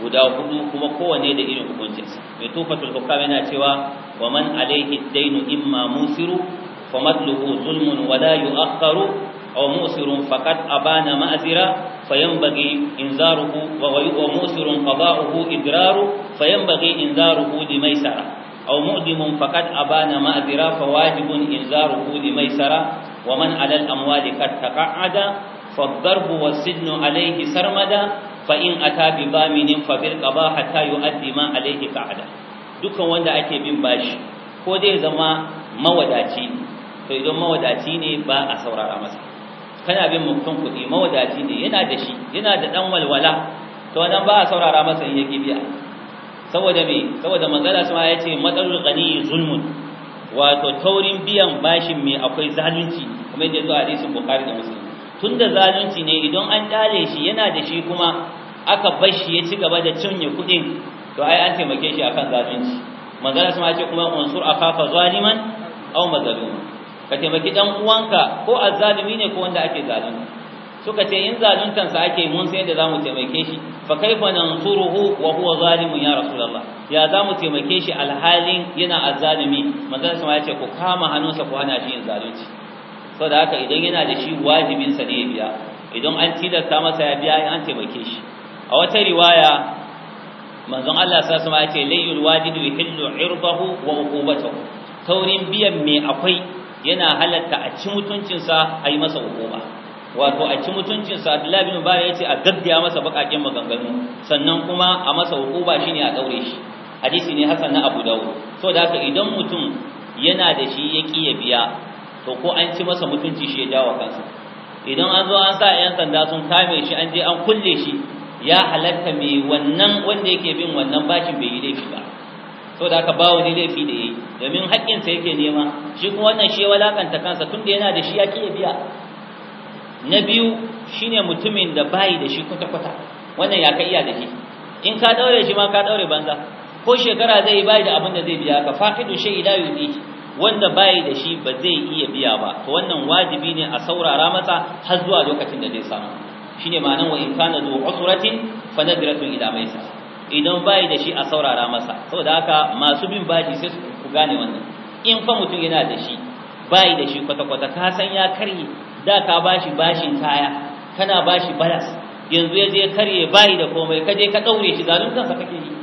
guda hudu kuma kowanne da irin hukuncinsa mai tufatul hukam yana cewa wa man alaihi dainu imma musiru fa madluhu zulmun Akkaru? أو مؤسر فقد أبان مأزرا فينبغي إنذاره ومؤسر قضاؤه إدرار فينبغي إنذاره لميسرة أو مؤدم فقد أبان مأزرا فواجب إنذاره لميسرة ومن على الأموال قد تقعد فالضرب والسجن عليه سرمدا فإن أتى بضامن فبالقضاء حتى يؤدي ما عليه قعدا dukkan wanda ake bin bashi ko dai zama mawadaci to idan mawadaci ne ba a saurara masa kana bin mutum kuɗi mawadaci ne yana da shi yana da ɗan walwala to wannan ba a saurara masa in yake biya saboda me saboda manzala sama ya ce matsalul ghani zulmun wato taurin biyan bashin me akwai zalunci kuma yadda zuwa hadisin bukhari da muslim tunda zalunci ne idan an dale shi yana da shi kuma aka bar shi ya ci gaba da cinye kuɗin to ai an taimake shi akan zalunci manzala sama ya ce kuma unsur akafa zaliman aw mazluman ka taimaki ɗan uwanka ko azzalumi ne ko wanda ake zalunta suka ce in zaluntansa ake mun sai da zamu taimake shi fa kaifa nansuruhu wa huwa zalimun ya rasulullah ya zamu taimake shi alhalin yana azzalumi. manzon sama ya ce ku kama hannunsa ku hana shi yin zalunci saboda haka idan yana da shi wajibin sa ne ya biya idan an tilasta masa ya biya an taimake shi a wata riwaya manzon Allah sallallahu alaihi wasallam ya ce layyul wajidu yuhillu irdahu wa uqubatahu taurin biyan me akwai yana halatta a ci mutuncinsa a yi masa hukuma wato a ci mutuncinsa abdullahi bin mubarak ya ce a gaddiya masa bakakin maganganu sannan kuma a masa hukuma shine a daure shi hadisi ne hasan na abu dawud so da haka idan mutum yana da shi ya ƙi ya biya to ko an ci masa mutunci shi ya dawo kansa idan an zo an sa 'yan sanda sun kame shi an je an kulle shi ya halatta mai wannan wanda yake bin wannan bashin bai yi laifi ba so da aka bawo ne laifi da yayi domin haƙƙin sa yake nema shi kuma wannan shi walakanta kansa tunda yana da shi ya ke biya na biyu shine mutumin da bayi da shi kwata kwata wannan ya ka iya da shi in ka daure shi ma ka daure banza ko shekara zai yi bayi da abin da zai biya ka faqidu shay la yudi wanda bai da shi ba zai iya biya ba to wannan wajibi ne a saurara masa har zuwa lokacin da zai samu shine ma'anar wa in kana zu usratin fa nadratu ila maisar idan bai da shi a saurara masa saboda haka masu bin baji sai su gane wannan in fa mutum yana da shi bai da shi kwata-kwata ka san ya karye da ka bashi bashin kaya kana bashi balas yanzu ya je karye bai da komai ka je ka daure shi zalun sa kake yi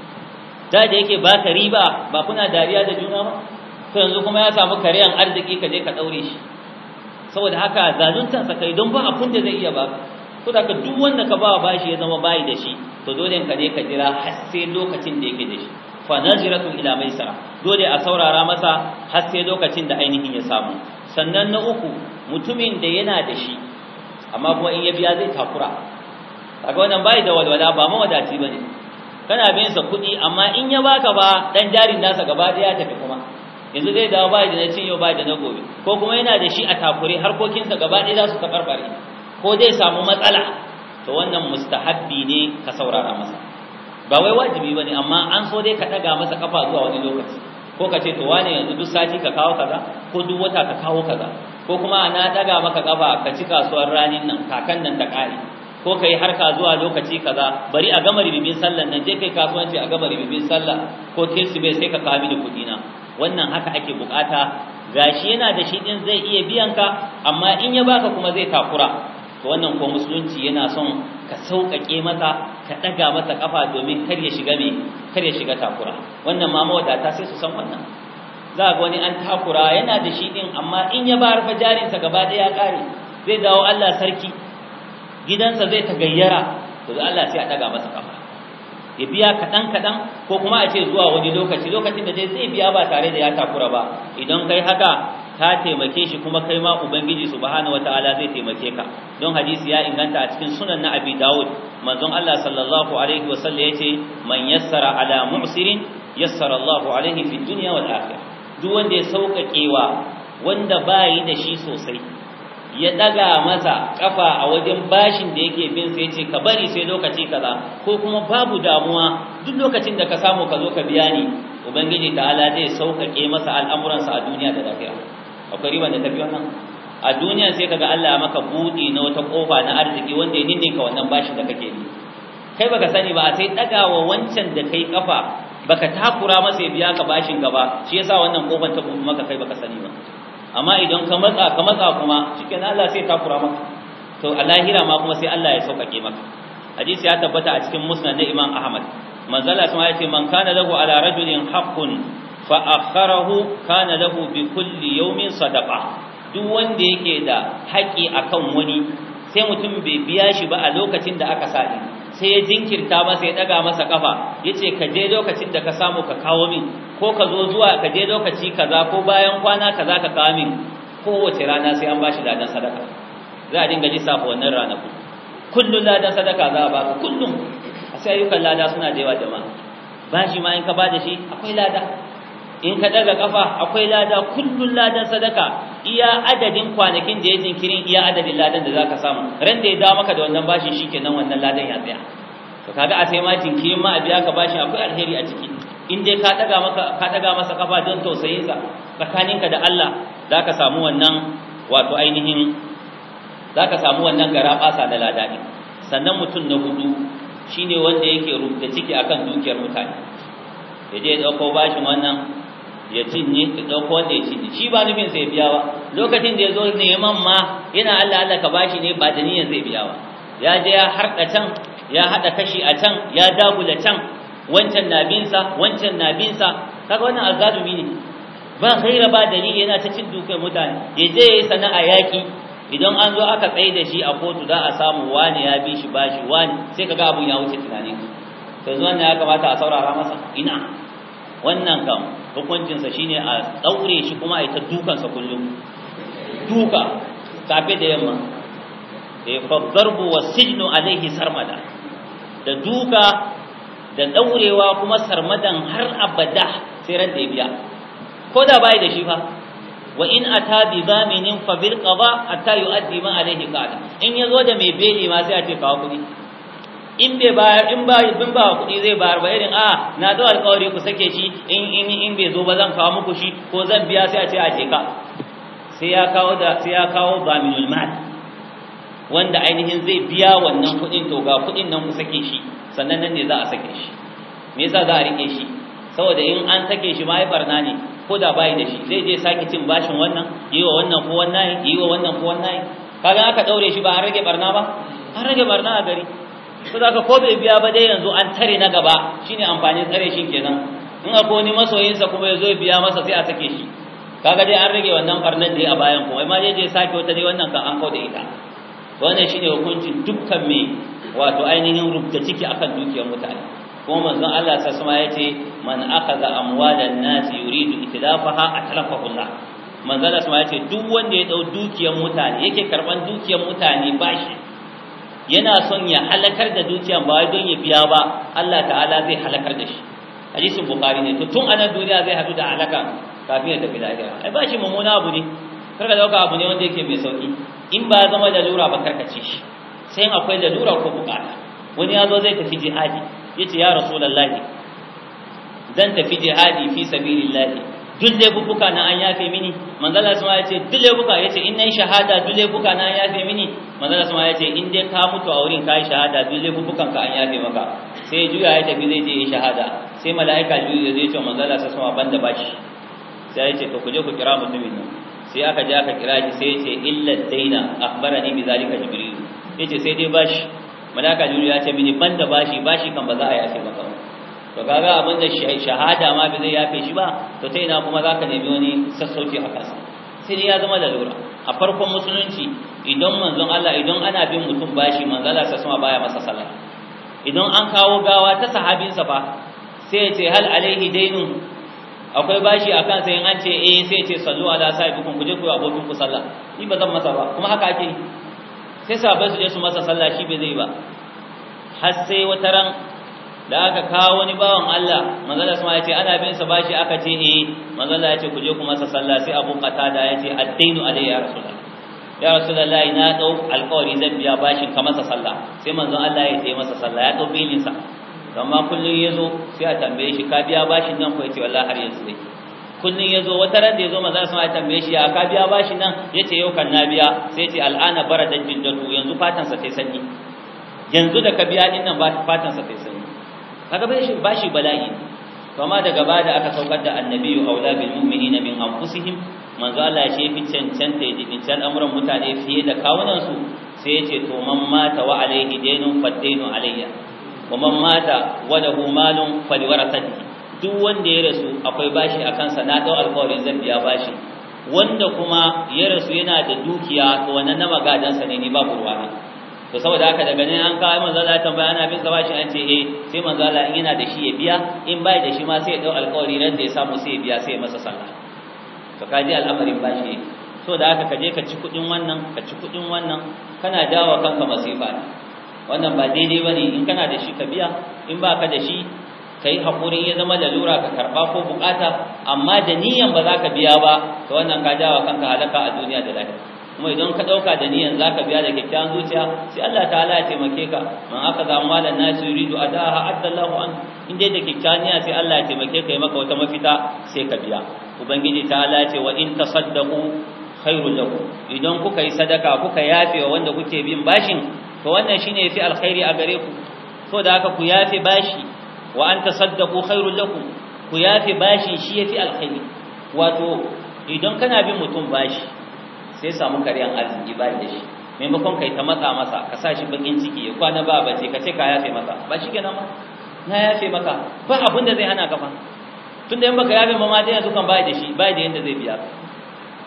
da da yake baka riba ba kuna dariya da juna ba to yanzu kuma ya samu karyan arziki ka je ka daure shi saboda haka zalun sa kai don ba abun da zai iya ba ko da ka duk wanda ka ba bashi ya zama bai da shi to dole ka je ka jira har sai lokacin da yake da shi fa naziratu ila maisara dole a saurara masa har sai lokacin da ainihin ya samu sannan na uku mutumin da yana da shi amma kuma in ya biya zai takura kaga wannan bai da walwala ba ma mawadaci bane kana bin sa kuɗi amma in ya baka ba dan jarin nasa gaba daya tafi kuma yanzu zai dawo bai da na cin yau bai da na gobe ko kuma yana da shi a takure harkokinsa gaba ɗaya za su tabarbare ko zai samu matsala to wannan mustahabbi ne ka saurara masa ba wai wajibi bane amma an so dai ka daga masa kafa zuwa wani lokaci ko ka ce to wane yanzu duk sati ka kawo kaza ko duk wata ka kawo kaza ko kuma na daga maka kafa ka ci kasuwar ranin nan kakan nan ta kare ko kai harka zuwa lokaci kaza bari a gama ribibin sallan nan je kai kasuwanci a gama ribibin sallah ko kirsi bai sai ka kawo da kuɗi na wannan haka ake bukata gashi yana da shi din zai iya biyan ka amma in ya baka kuma zai takura Ka wannan ko musulunci yana son ka sauƙaƙe masa ka ɗaga masa ƙafa domin kar ya shiga mai kar ya shiga takura wannan ma mawadata sai su san wannan za ga wani an takura yana da shi ɗin, amma in ya bayar fa jarinsa gaba ɗaya ya ƙare zai dawo Allah sarki gidansa zai tagayyara to Allah sai a ɗaga masa ƙafa ya biya kaɗan kaɗan ko kuma a ce zuwa wani lokaci lokacin da zai biya ba tare da ya takura ba idan kai haka ka taimake shi kuma kai ma ubangiji subhanahu wataala zai taimake ka don hadisi ya inganta a cikin sunan na abi dawud manzon Allah sallallahu alaihi wa sallam yace man yassara ala mu'sirin yassara Allahu alaihi fi dunya wal akhirah duk wanda ya sauƙaƙewa wanda bayi da shi sosai ya daga masa kafa a wajen bashin da yake bin sai ce ka bari sai lokaci kaza ko kuma babu damuwa duk lokacin da ka samu ka zo ka biya ni ubangiji ta'ala zai sauƙaƙe masa al'amuransa a duniya da lafiya akwai riba da tafi wannan a duniya sai kaga Allah ya maka buɗi na wata kofa na arziki wanda ya ninne ka wannan bashi da kake yi kai baka sani ba sai wa wancan da kai kafa baka takura masa ya biya ka bashin gaba shi yasa wannan kofar ta buɗe maka kai baka sani ba amma idan ka matsa ka matsa kuma cikin Allah sai takura maka to a lahira ma kuma sai Allah ya sauƙaƙe maka hadisi ya tabbata a cikin musnad na Imam Ahmad manzala sun ya ce man kana lahu ala rajulin haqqun fa akharahu kana lahu bi kulli yawmin sadaqa duk wanda yake da haƙi akan wani sai mutum bai biya shi ba a lokacin da aka sani sai ya jinkirta masa ya daga masa kafa yace ka je lokacin da ka samu ka kawo min ko ka zo zuwa ka je lokaci kaza ko bayan kwana kaza ka kawo min kowace rana sai an bashi ladan sadaka za a dinga lissafa wannan ranaku kullum ladan sadaka za a ka kullum a sai ayyukan lada suna da yawa jama'a bashi ma in ka bada shi akwai lada in ka daga kafa akwai lada kullun ladan sadaka iya adadin kwanakin da ya jinkirin iya adadin ladan da zaka samu ran da ya dawo maka da wannan bashin shikenan wannan ladan ya tsaya to kaga a sai ma jinkirin ma a biya ka bashin akwai alheri a ciki in dai ka daga maka ka daga masa kafa don tausayin sa ka da Allah zaka samu wannan wato ainihin zaka samu wannan garabasa na lada din sannan mutum na hudu shine wanda yake rubuta ciki akan dukiyar mutane yaje ya dauko bashin wannan ya cinye ka ɗauko wanda ya cinye shi ba nufin sai biya ba lokacin da ya zo neman ma yana Allah Allah ka bashi ne ba da niyyar zai biya ba ya je ya harka can ya haɗa kashi a can ya dagula can wancan na sa wancan na sa kaga wannan azalumi ne ba khaira ba da niyyar yana ta cin dukan mutane ya je ya yi sana'a yaki idan an zo aka tsaye da shi a kotu za a samu wani ya bi shi bashi wani sai kaga abun ya wuce tunanin ka yanzu wannan ya kamata a saurara masa ina wannan kam hukuncinsa shine a tsaure shi kuma a yi ta dukansa kullum duka safe da yamma e eh, faddarbu a alaihi sarmada da duka da daurewa kuma sarmadan har abada sai ran da ya biya ko da bai da shi fa wa in ata bi zaminin fa bil qada hatta yu'addi ma alaihi qada in ya zo da mai beli ma sai a ce kawo kudi in bai bayar in ba bin ba kuɗi zai bayar ba irin a ah, na zo alƙawari ku sake shi in in in bai zo ba zan kawo muku shi ko zan biya sai a ce a ce ka sai ya kawo da sai ya kawo zaminul mal wanda ainihin zai biya wannan kuɗin to ga kuɗin nan ku sake shi sannan nan ne za a sake shi me yasa za a rike shi saboda in an sake shi ma ai barna ne ko da bai da shi zai je sake cin bashin wannan yi wa wannan ko wannan yi wa wannan ko wannan kaga aka daure shi ba an rage barna ba an rage barna a gari so da ko bai biya ba dai yanzu an tare na gaba shine amfanin tsare shi kenan in akwai wani masoyinsa kuma ya zo ya biya masa sai a take shi kaga dai an rage wannan farnan da ya a bayan kuma ma dai je sake wata dai wannan kan an kauda ita wannan shine hukuncin dukkan me wato ainihin rubuta ciki akan dukiyar mutane kuma manzon Allah sa suma yace man akhadha amwalan nas yuridu itlafaha atlafahu Allah manzon Allah suma yace duk wanda ya dau dukiyar mutane yake karban dukiyar mutane ba shi. yana son ya halakar da dukiya ba don ya biya ba Allah ta'ala zai halakar da shi hadisin bukhari ne to tun anan duniya zai hadu da halaka kafin ya tafi lahira ai ba shi mummuna abu ne karka dauka abu ne wanda yake mai sauki in ba zama da lura ba karkace shi sai akwai da lura ko bukata wani ya zo zai tafi jihadi yace ya rasulullahi zan tafi jihadi fi sabilillahi duk laifuka na an yafe mini manzala sama ya ce duk laifuka ya ce in nayi shahada duk laifuka na an yafe mini manzala sama ya ce in dai ka mutu a wurin kai shahada duk laifukan ka an yafe maka sai juya ya tafi zai je yi shahada sai mala'ika juya zai ce manzala sama banda bashi sai ya ce to ku je ku kira mutumin nan sai aka je aka kira shi sai ya ce illa daina akhbarani bi zalika jibril yace sai dai bashi mala'ika juya ya ce mini banda bashi bashi kan ba za a yafe maka to kaga abin da shahada ma bai zai yafe shi ba to sai ina kuma zaka nemi wani sassauci a kansa sai ya zama da lura a farkon musulunci idan manzon Allah idan ana bin mutum bashi manzon Allah sai sama baya masa sallah idan an kawo gawa ta sahabinsa fa sai ya ce hal alaihi dainu akwai bashi akan sai an ce eh sai ya ce sallu ala sahibikum kuje ku abokin ku sallah ni ba zan masa ba kuma haka ake sai sahabbai su je su masa sallah shi bai zai ba har sai wata ran da aka kawo wani bawan Allah manzala sama ya ce ana bin sa bashi aka ce eh manzala ya ce ku je ku masa sallah sai Abu Qatada ya ce addainu alayya ya rasulullah ya rasulullah na dau alƙawari zan biya bashin ka masa sallah sai manzon Allah ya ce masa sallah ya dau bilin sa amma kullun yazo sai a tambaye shi ka biya bashin nan ko ya ce wallahi har yanzu dai kullun yazo wata ran da yazo manzon sama ya tambaye shi ka biya bashin nan yace yau kan na biya sai yace ce al'ana baradan jindatu yanzu fatan sa sai sanni yanzu da ka biya din nan fatan sa sai sanni kaga bai shi bashi bala'i da daga bada aka saukar da annabiyyu aula bil mu'minina min anfusihim manzo Allah ya ce fi cancanta mutane fiye da kawunan su sai ya ce to man mata wa alaihi dainun fadainu alayya wa man mata wa lahu malun faliwarasati duk wanda ya rasu akwai bashi akan sa na dau alƙawarin zan biya bashi wanda kuma ya rasu yana da dukiya to wannan na magadansa ne ni babu ruwana to saboda haka daga nan an kawo manzo Allah tambaya ana bin shi an ce eh sai manzo Allah in yana da shi ya biya in bai da shi ma sai ya dau alƙawari ran da ya samu sai ya biya sai ya masa sallah to kaji al'amarin bashi so da haka kaje ka ci kudin wannan ka ci kudin wannan kana dawo kanka masifa ne wannan ba daidai bane in kana da shi ka biya in ba ka da shi kai hakuri ya zama lalura ka karba ko bukata amma da niyan ba za ka biya ba to wannan ka dawo kanka halaka a duniya da lahira kuma idan ka ɗauka da niyan ka biya da kyakkyawan zuciya sai Allah ta'ala ya taimake ka man aka ga malan nasu yuridu adaha adallahu an in dai da kyakkyawan niyya sai Allah ya taimake ka yi maka wata mafita sai ka biya ubangiji ta'ala ya ce wa in tasaddaqu khairul lakum idan kuka yi sadaka kuka yafe wa wanda kuke bin bashin to wannan shine fi alkhairi a gare ku so da haka ku yafe bashi wa an tasaddaqu khairul lakum ku yafe bashi shi yafi alkhairi wato idan kana bin mutum bashi sai samu karyan arziki ba da shi maimakon kai ta matsa masa ka sa shi bakin ciki ya kwana ba ce ka ce ka yafe masa ba shi kenan ma na yafe maka ba abin da zai hana ka fa tun da in baka yafe mama ma dai yanzu kan ba da shi ba da yanda zai biya ka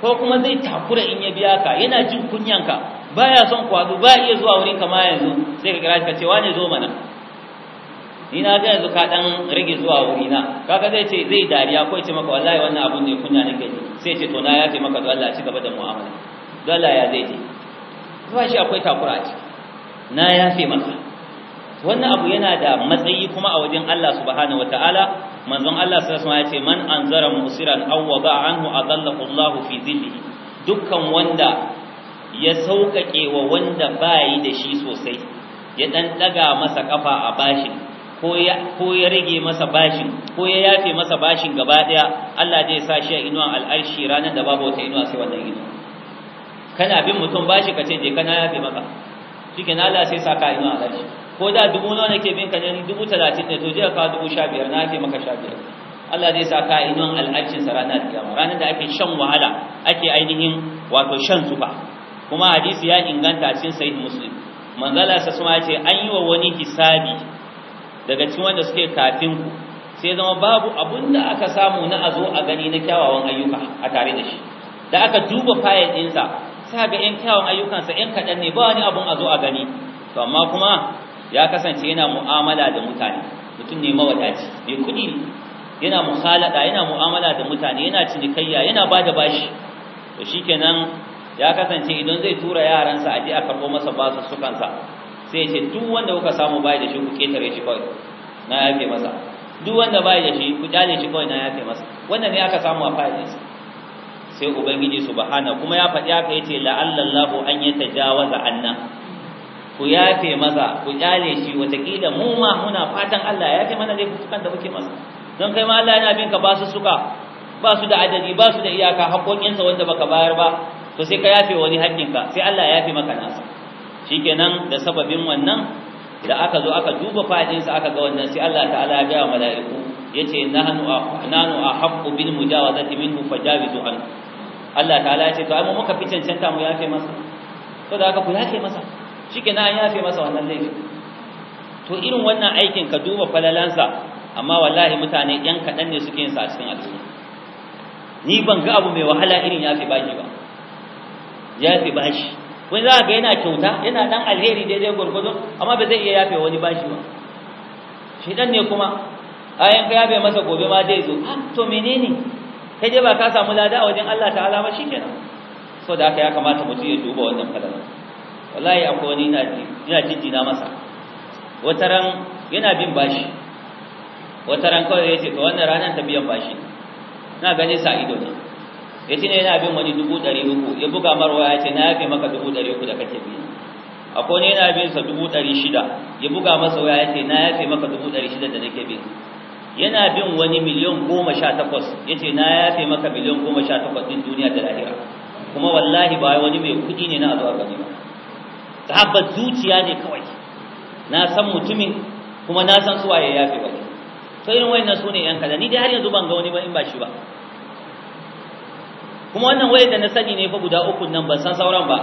ko kuma zai takura in ya biya ka yana jin kunyanka baya son kwazo ba iya zuwa wurin ka ma yanzu sai ka kira ka ce wane zo mana ni na ga yanzu ka dan rage zuwa wuri na kaga zai ce zai dariya ko ce maka wallahi wannan abun ne kunya nake ji sai ce to na yafe maka to Allah ya ci gaba da mu'amala dole ya zai ji zuwa shi akwai takura a ciki na yafe maka wannan abu yana da matsayi kuma a wajen Allah subhanahu wataala manzon Allah sallallahu alaihi wasallam ya ce man anzara musiran aw wada anhu adallahu Allah fi dhillihi dukkan wanda ya saukake wa wanda bayi da shi sosai ya dan daga masa kafa a bashin ko ya rage masa bashin ko ya yafe masa bashin gaba daya Allah zai sa shi a inuwa al'arshi ranar da babu wata inuwa sai wannan inuwa kana bin mutum bashi ka ce je kana yafe maka na Allah sai sa ka inuwa al'arshi ko da dubu nawa nake bin ka ne dubu talatin ne to je ka dubu sha biyar na yafe maka sha biyar Allah zai sa ka inuwan al'arshin sa ranar kiyama ranar da ake shan wahala ake ainihin wato shan zuba kuma hadisi ya inganta cikin sahih muslim manzala sa suma ya ce an yi wa wani hisabi daga cikin wanda suke kafin ku sai zama babu abun da aka samu na azo a gani na kyawawan ayyuka a tare da shi da aka duba fayil ɗinsa sa ga 'yan kyawawan ayyukansa 'yan kaɗan ne ba wani abun azo a gani to amma kuma ya kasance yana mu'amala da mutane mutum ne mawadaci mai kuɗi yana musalada yana mu'amala da mutane yana cinikayya yana ba da bashi to shikenan ya kasance idan zai tura yaransa a je a karɓo masa basussukansa sai ce duk wanda kuka samu bai da shi ku ketare shi kawai na yafe masa duk wanda bai da shi ku jale shi kawai na yafe masa wannan ne aka samu a sa sai ubangiji subhana kuma ya faɗi aka yace la'allallahu an yatajawaza anna ku yafe masa ku jale shi watakila mu ma muna fatan Allah ya yafe mana dai kukan da muke masa don kai ma Allah yana bin ka ba su suka ba su da adadi ba su da iyaka haƙoƙinsa wanda baka bayar ba to sai ka yafe wani haƙƙinka sai Allah ya yafe maka nasa shikenan da sababin wannan da aka zo aka duba sa aka ga wannan sai Allah ta'ala ya gaya mala'iku yace nahnu nahnu ahqqu bil mujawazati minhu fajawizu an Allah ta'ala ya ce to ai mu muka fi cancanta mu yafe masa to da aka ku yafe masa shikenan an yafe masa wannan laifi to irin wannan aikin ka duba falalansa amma wallahi mutane yan kadan ne suke yin sa a cikin al'umma ni ban ga abu mai wahala irin yafe baki ba yafe bashi wani za ga yana kyauta yana dan alheri daidai gurgudu amma ba zai iya yafe wani bashi ba dan ne kuma ayan ka yafe masa gobe ma zai zo ah, to menene kai dai ba ka samu lada a wajen Allah ta'ala ba shikenan so da haka ya kamata mutum ya duba wannan falalar wallahi akwai wani ina jijjina masa wataran yana bin bashi wataran kawai ya ce to wannan ranar ta biyan bashi na gane sa ido ne ya ce yana bin wani dubu ɗari uku ya buga marwa ya ce na yafe maka dubu ɗari uku da kake bi akwai ne yana bin sa dubu ɗari shida ya buga masa waya ya ce na yafe maka dubu ɗari shida da nake biyu. yana bin wani miliyan goma sha takwas ya ce na yafe maka miliyan goma sha takwas ɗin duniya da lahira kuma wallahi ba wani mai kuɗi ne na zuwa gani ba sahabbar zuciya ne kawai na san mutumin kuma na san suwaye yafe ba to irin wayannan su ne yan kaza ni dai har yanzu ban ga wani ba in ba shi ba kuma wannan waye da na sani ne fa guda uku nan ban san sauran ba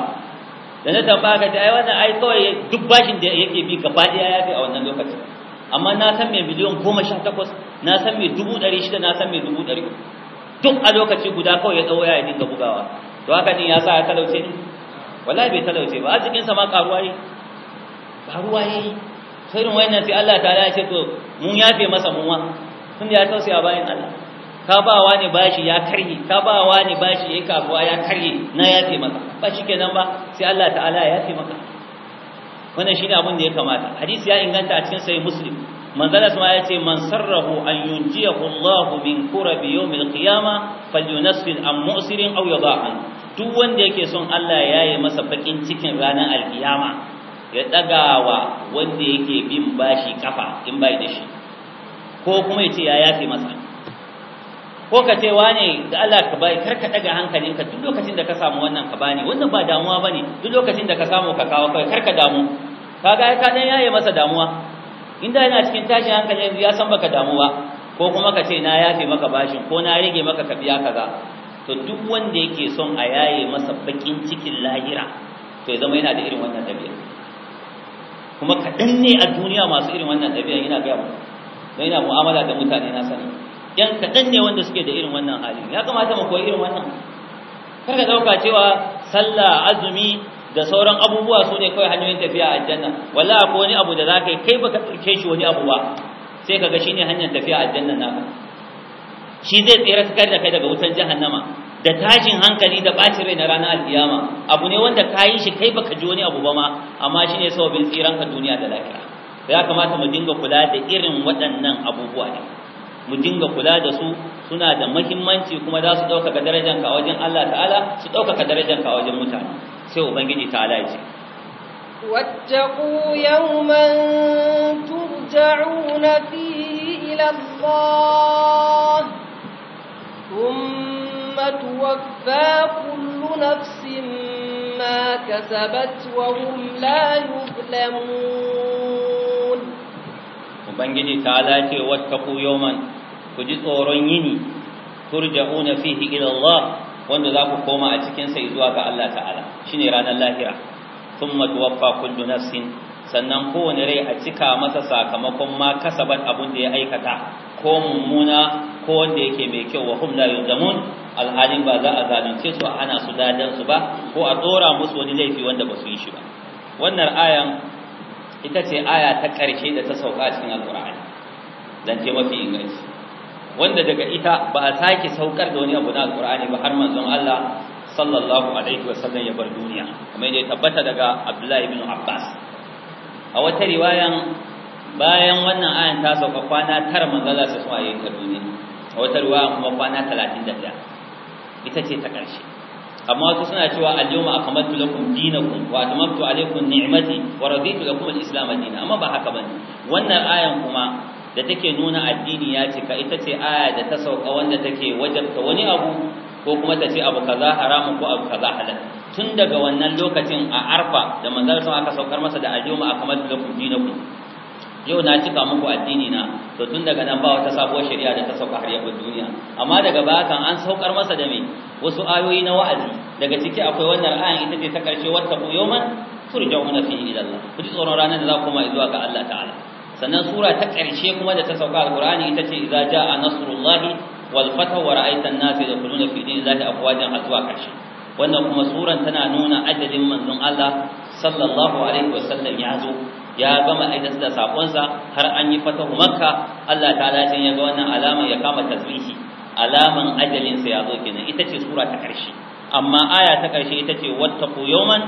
da na tambaya ka ai wannan ai kawai duk bashin da yake bi gaba daya ya fi a wannan lokacin amma na san mai miliyan goma sha takwas na san mai dubu ɗari shida na san mai dubu ɗari duk a lokaci guda kawai ya dawo ya dinga bugawa to haka din ya sa ya talauce ni? wallahi bai talauce ba sa ma karuwa yi karuwa yi sai irin wayannan sai Allah ta ya ce to mun yafe masa mu ma tun da ya tausaya bayan Allah ka bawa ne bashi ya karye ka bawa ne bashi yayi kasuwa ya karye na yafe maka ba shikenan ba sai Allah ta'ala ya yafe maka wannan shine abin da ya kamata hadisi ya inganta a cikin sahih muslim manzala sama ya ce man sarrahu an yunjiyahu Allah min kurabi yawmil qiyama falyunasfil am mu'sirin aw yadha'an duk wanda yake son Allah ya yi masa bakin cikin ranar alkiyama ya dagawa wanda yake bin bashi kafa in bai da shi ko kuma ya ce ya yafe masa ko ka ce wane da Allah ka bai kar ka daga hankalinka duk lokacin da ka samu wannan ka bani wannan ba damuwa bane duk lokacin da ka samu ka kawo kai kar ka damu kaga ai ka dan yaye masa damuwa inda yana cikin tashin hankali yanzu ya san baka damuwa. ko kuma ka ce na yafe maka bashin ko na rige maka ka biya kaza to duk wanda yake son a yaye masa bakin cikin lahira to ya zama yana da irin wannan dabi'a kuma kaɗan ne a duniya masu irin wannan dabi'a ina ga mu don yana mu'amala da mutane na sani yan kadan ne wanda suke da irin wannan hali ya kamata mu koyi irin wannan kar ka ɗauka cewa sallah azumi da sauran abubuwa su ne kawai hanyoyin tafiya a aljanna wallahi akwai wani abu da za ka yi kai baka ɗauke shi wani abu ba sai ka ga shine hanyar tafiya a aljanna naka shi zai tsira kai da kai daga wutan jahannama da tashin hankali da bacin rai na ranar alkiyama abu ne wanda ka yi shi kai baka ji wani abu ba ma amma shi ne sababin tsiranka duniya da lafiya ya kamata mu dinga kula da irin waɗannan abubuwa ne mu dinga kula da su suna da muhimmanci kuma za su dauka darajar ka wajen Allah ta'ala su dauka darajar ka wajen mutane sai ubangiji ta'ala ya ce wattaqu yawman turja'una fi ila Allah thumma tuwaffa kullu nafsin ma kasabat wa hum la yuzlamun ubangiji ta'ala ce wattaqu yawman ku ji tsoron yini turja'una fihi ila Allah wanda za ku koma a cikin sa zuwa ga Allah ta'ala shine ranar lahira thumma tuwaffa kullu nafsin sannan kowane rai a cika masa sakamakon ma kasabat abun da ya aikata ko mummuna ko wanda yake mai kyau wa hum la yuzlamun alhalin ba za a zalunce su a ana su dadan su ba ko a tsora musu wani laifi wanda ba su yi shi ba wannan ayan ita ce aya ta ƙarshe da ta sauka cikin alƙur'ani zance mafi inganci wanda daga ita ba a sake saukar da wani abu na alqur'ani ba har manzon Allah sallallahu alaihi wasallam ya bar duniya kamar yadda tabbata daga Abdullahi ibn Abbas a wata riwayan bayan wannan ayan ta sauka kwana tara manzon Allah sallallahu alaihi wasallam ya duniya a wata riwaya kuma kwana 31 ita ce ta ƙarshe amma wasu suna cewa al-yawma akmaltu lakum dinakum wa atmamtu alaykum ni'mati wa raditu lakum al-islam dinan amma ba haka bane wannan ayan kuma da take nuna addini ya cika ita ce aya da ta sauka wanda take wajabta wani abu ko kuma ta ce abu kaza haramun ko abu kaza halal tun daga wannan lokacin a arfa da manzon sun aka saukar masa da aljuma akamal lakum dinakum yau na cika muku addini na to tun daga nan ba wata sabuwar shari'a da ta sauka har yau duniya amma daga baya kan an saukar masa da me wasu ayoyi na wa'azi daga ciki akwai wannan ayan ita ce ta karshe wata yawman turja'una fihi ila Allah ku ji tsoron ranar da za ku koma zuwa ga Allah ta'ala sannan sura ta ƙarshe kuma da ta sauka alqur'ani ita ce idza jaa nasrullahi wal fathu wa ra'aita an da yadkhuluna fi dinillahi afwajan har zuwa ƙarshe wannan kuma suran tana nuna adadin manzon Allah sallallahu alaihi sallam ya zo ya gama aidas da sakonsa har an yi fata makka Allah ta'ala sai ya ga wannan alama ya kama tasbihi alaman ajalin sa ya zo kenan ita ce sura ta ƙarshe amma aya ta ƙarshe ita ce wattaqu yawman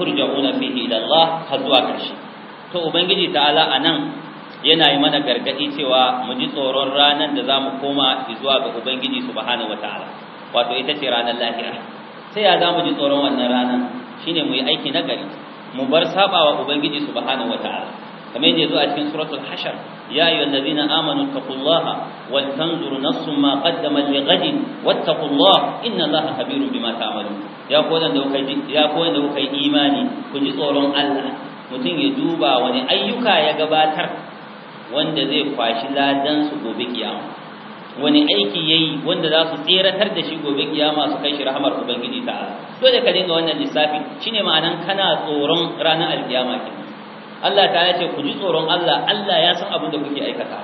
turja'una fihi ila Allah har zuwa ƙarshe to ubangiji ta'ala anan yana yi mana gargaɗi cewa mu ji tsoron ranar da zamu koma zuwa ga ubangiji subhanahu wataala wato ita ce ranar lahira sai ya mu ji tsoron wannan ranar ne mu yi aiki na gari mu bar sabawa ubangiji subhanahu wataala kamar yadda zuwa a cikin suratul hashar ya ayyuhal ladina amanu taqullaha wal tanzur nafsum ma qaddamat lighadin wattaqullaha inna allaha khabirun bima ta'malun Kabiru ko mata kuka ya ko da kuka imani ku ji tsoron Allah mutum ya duba wani ayyuka ya gabatar wanda zai kwashi ladan su gobe kiyama wani aiki yayi wanda za su tseratar da shi gobe kiyama su kai shi rahmar ubangiji ta dole ka dinga wannan lissafi shine ma'anan kana tsoron ranar alkiyama ke Allah ta ya ce ku ji tsoron Allah Allah ya san abin kuke aikata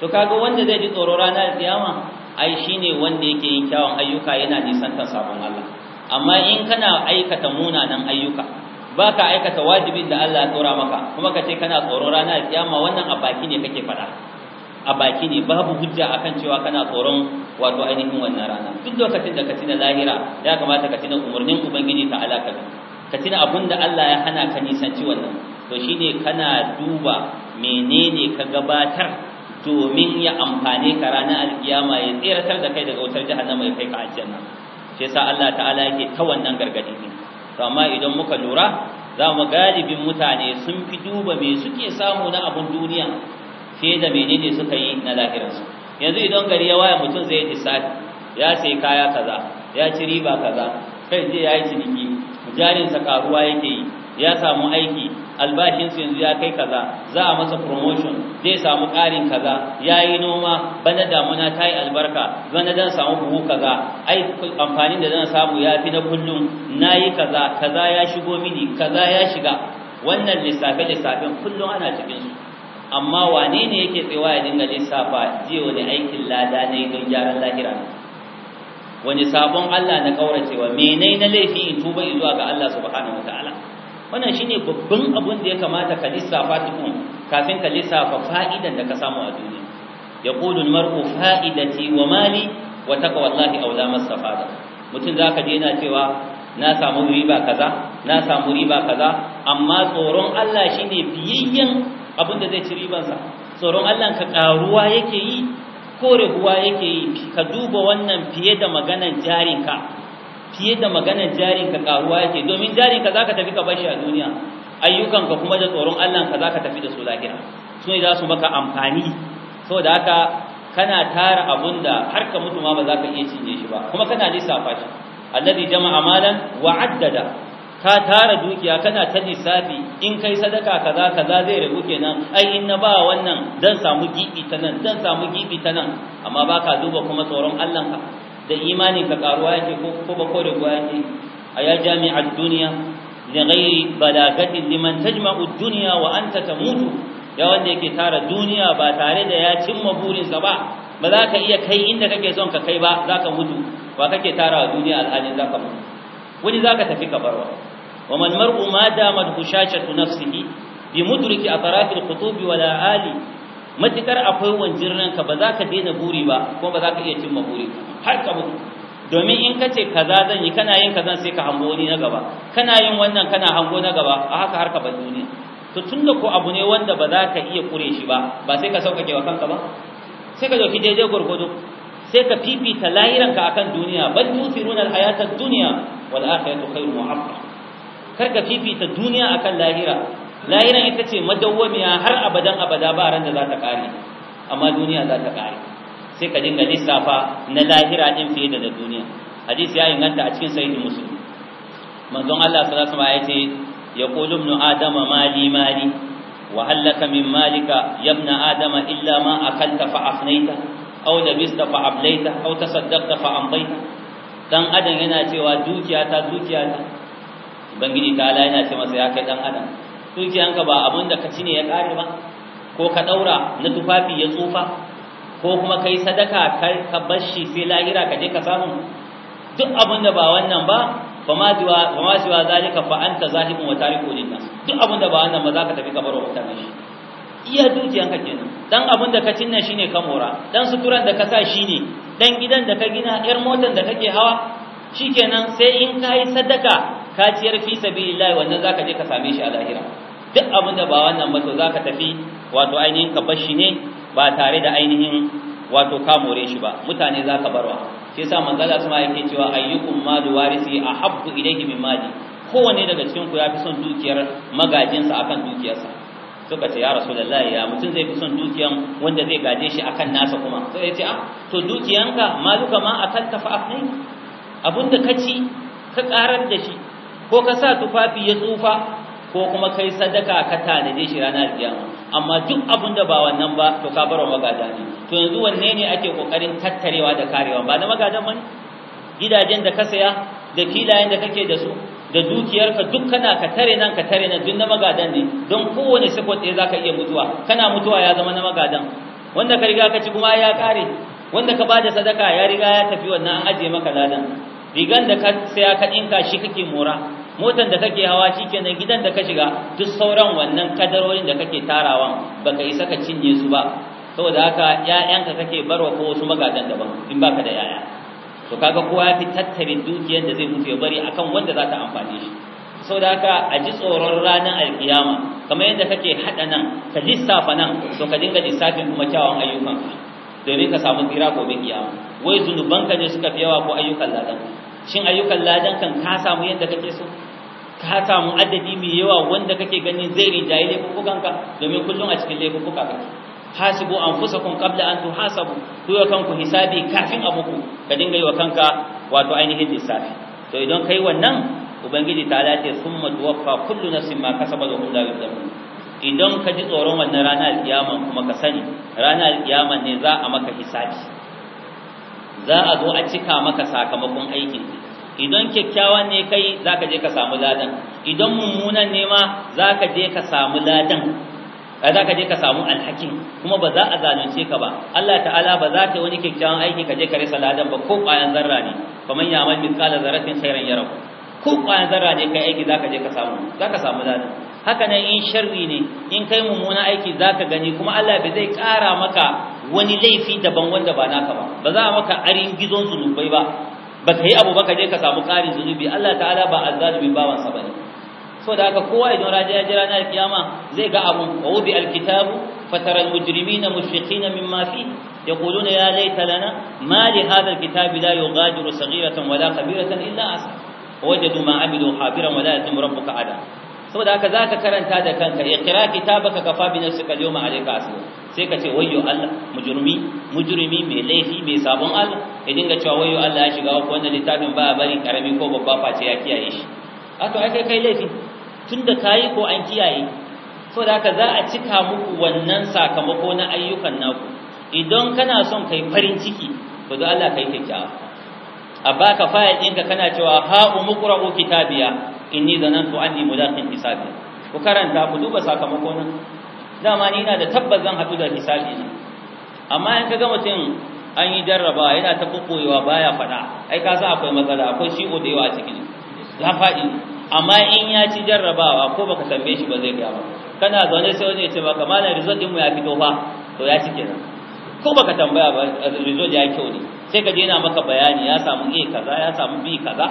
to kaga wanda zai ji tsoron ranar alkiyama ai shine wanda yake yin kyawun ayyuka yana nisantar sabon Allah amma in kana aikata munanan ayyuka ba ka aikata wajibin da Allah ya tsora maka kuma ka ce kana tsoron ranar kiyama wannan a baki ne kake faɗa a baki ne babu hujja akan cewa kana tsoron wato ainihin wannan rana duk lokacin da ka tuna lahira ya kamata ka tuna umarnin ubangiji ta alaka ka tuna abun da Allah ya hana ka nisanci wannan to shine kana duba menene ka gabatar domin ya amfane ka ranar alkiyama ya tseratar da kai daga wutar jahannama ya kai ka nan shi yasa Allah ta'ala yake ta wannan gargadi to amma idan muka lura za mu galibin mutane sun fi duba me suke samu na abun duniya fiye da menene suka yi na lahiransu yanzu idan gari ya waya mutum zai lissafi ya sai kaya kaza ya ci riba kaza kai je ya yi ciniki sa karuwa yake yi ya samu aiki albashinsu yanzu ya kai kaza za a masa promotion zai samu ƙarin kaza ya yi noma bana damuna ta yi albarka bana dan samu buhu kaza ai amfanin da zan samu ya fi na kullum na yi kaza kaza ya shigo mini kaza ya shiga wannan lissafe lissafin kullum ana cikinsu amma wane ne yake tsewa ya dinga lissafa je wani aikin lada na yi don gyaran lahira wani sabon Allah na kauracewa menai na laifi in tuba zuwa ga Allah subhanahu wataala wannan shine babban abun da ya kamata ka lissafa tukun kafin ka lissafa fa'idan da ka samu a duniya yaqulu almar'u fa'idati wa mali wa taqwa a awla masafada mutum zaka je yana cewa na samu riba kaza na samu riba kaza amma tsoron Allah shine biyayyen abin da zai ci ribansa tsoron Allah ka ƙaruwa yake yi kore huwa yake yi ka duba wannan fiye da maganan jarinka fiye da maganar jarin ka karuwa yake domin jarin ka ka tafi ka bashi a duniya ayyukan ka kuma da tsoron Allah ka ka tafi da su lahira su ne za su maka amfani saboda haka kana tara abun da har ka mutu ma ba za ka iya cinye shi ba kuma kana lissafa shi allazi jama'a malan wa addada ka tara dukiya kana ta lissafi in kai sadaka kaza kaza zai rabu kenan ai in na ba wannan dan samu gibi ta nan dan samu gibi ta nan amma baka duba kuma tsoron Allah ka da imanin ka karuwa yake ko ba ko da guwa yake a ya jami'a duniya da gairi balagati liman tajma'u duniya wa anta tamutu ya wanda yake tara duniya ba tare da ya cimma burinsa ba ba za ka iya kai inda kake son ka kai ba za ka mutu ba kake tara duniya alhalin za ka mutu wani za ka tafi kabarwa wa man mar'u ma damat hushashatu nafsihi bi mudriki atrafil qutubi wala ali matukar akwai wanjin ranka ba za ka daina buri ba ko ba za ka iya cimma buri har ka bu domin in ka ce kaza zan yi kana yin kazan sai ka hango ni na gaba kana yin wannan kana hango na gaba a haka har ka bar duniya to tunda ko abu ne wanda ba za ka iya kure shi ba ba sai ka sauƙaƙe wa kanka ba sai ka dauki daidai gurgudu sai ka fifita lahiranka akan duniya bal tusiruna alhayata ad-dunya wal akhiratu khairun wa abqa kar ka fifita duniya akan lahira lahiran ita ce madawwamiya har abadan abada ba ran da za ta kare amma duniya za ta kare sai ka dinga lissafa na lahira din fiye da na duniya hadisi ya inganta a cikin sahihi muslim manzon Allah sallallahu alaihi wasallam ya ce qulu ibn adama mali mali wa halaka min malika ya ibn adama illa ma akalta fa afnaita aw labista fa ablaita aw tasaddaqta fa amdaita dan adam yana cewa dukiya ta dukiya ta ubangiji ta Allah yana ce masa ya kai dan adam dukiyanka ba abin da ka ci ne ya ƙare ba ko ka ɗaura na tufafi ya tsufa ko kuma ka yi sadaka ka bar shi sai lahira ka je ka samu duk abin da ba wannan ba ba ma siwa jiwa zalika fa ta zahibin wa tariku lin nas duk abin da ba wannan ba za ka tafi bar wa mutane shi iya dukiyanka kenan dan abin da ka shi shine ka mora dan suturan da ka sa shine dan gidan da ka gina yar motar da kake hawa shikenan sai in kai sadaka ka ciyar fi sabilillahi wannan zaka je ka same shi a lahira duk abin da ba wannan ba to zaka tafi wato ainihin ka bar shi ne ba tare da ainihin wato ka more shi ba mutane zaka barwa shi yasa manzala su ma yake cewa ayyukum malu warisi ahabbu ilayhi min Ko kowanne daga cikin ku yafi son dukiyar magajinsa akan dukiyarsa suka ce ya rasulullahi ya mutum zai fi son dukiyan wanda zai gaje shi akan nasa kuma sai ya ce ah to dukiyanka maluka ma akalta fa da abunda kaci ka karar da shi ko ka sa tufafi ya tsufa ko kuma kai sadaka ka tanade shi ranar kiyama amma duk abin da ba wannan ba to ka bar magada ne to yanzu wanne ne ake kokarin tattarewa da karewa ba na magadan bane gidajen da ka saya da filayen da kake da su da dukiyarka duk kana ka tare nan ka tare nan duk na magadan ne don kowane sekon ɗaya za ka iya mutuwa kana mutuwa ya zama na magadan wanda ka riga ka ci kuma ya kare wanda ka bada sadaka ya riga ya tafi wannan an ajiye maka ladan rigan da ka saya ka shi kake mora motan da kake hawa shikenan gidan da ka shiga duk sauran wannan kadarorin da kake tarawa baka isa ka cinye su ba saboda haka ƴaƴanka kake barwa ko wasu magadan daban in baka da 'ya'ya. to kaga kowa ya fi tattare dukiyar da zai mutu ya bari akan wanda za ta amfane shi saboda haka a ji tsoron ranar alkiyama kamar yadda kake haɗa nan ka lissafa nan to ka dinga lissafin kuma kyawun ayyukanka domin ka samu tsira gobe kiyama wai zunubanka ne suka fi yawa ko ayyukan ladan shin ayyukan ladan kan ka samu yadda kake so ka samu adadi mai yawa wanda kake ganin zai rinjaye laifukanka domin kullum a cikin laifuka kake hasibu anfusakum qabla an tuhasabu ku yi kanku hisabi kafin abuku ka dinga yi wa kanka wato ainihin lissafi to idan kai wannan ubangiji ta lace summa tuwaffa kullu nafsin ma kasabat wa hum la yuzlamun idan ka ji tsoron wannan ranar alkiyama kuma ka sani ranar alkiyama ne za a maka hisabi za a zo a cika maka sakamakon aikin idan kyakkyawan ne kai za ka je ka samu ladan idan mummunan ne ma za ka je ka samu ladan za ka je ka samu alhakin kuma ba za a zalunce ka ba Allah ta'ala ba za ta wani kyakkyawan aiki ka je ka rasa ladan ba ko ƙwayan zarra ne kamar mai mithqala zarratin khairan yaro ko ƙwayan zarra ne kai aiki za ka je ka samu za ka samu ladan haka nan in sharri ne in kai mummuna aiki za ka gani kuma Allah bai zai ƙara maka wani laifi daban wanda ba naka ba ba za a maka arin gizon zunubai ba ba ka yi abu ba ka je ka samu karin zunubi Allah ta'ala ba azalimi ba wasa ba ne so da haka kowa idan raji ya jira na kiyama zai ga abu wa wubi alkitabu fatara almujrimina mushrikina mimma fi yaquluna ya laita lana ma li hadha alkitabi la yughadiru saghiratan wala kabiratan illa asa wajadu ma amilu habiran wala yatim rabbuka ada saboda haka zaka karanta da kanka iqra kitabaka kafa bi nafsika al-yawma alayka asir sai ka ce wayyo Allah mujrimi mujrimi mai laifi mai sabon Allah ya dinga cewa wayyo Allah ya shiga wannan littafin ba bari karami ko babba face ya kiyaye shi a to ai kai kai laifi tunda kayi ko an kiyaye saboda haka za a cika muku wannan sakamako na ayyukan naku idan kana son kai farin ciki ba Allah kai kyakkyawa a baka fayil ɗinka kana cewa ha umuqra'u kitabiya inni zanantu anni mulaqin hisabi ku karanta ku duba sakamako nan dama ni ina da tabbas zan hadu da hisabi ne. amma in kaga mutum an yi jarraba yana ta kokoyewa baya fada ai ka san akwai matsala akwai shi ko da yawa a cikin ya fadi amma in ya ci jarrabawa ko baka tambaye shi ba zai ga ba kana zaune sai wani ya ce maka malam result din mu ya fito fa to ya ci kenan ko baka tambaya ba result ya kyau ne sai ka je yana maka bayani ya samu A kaza ya samu B kaza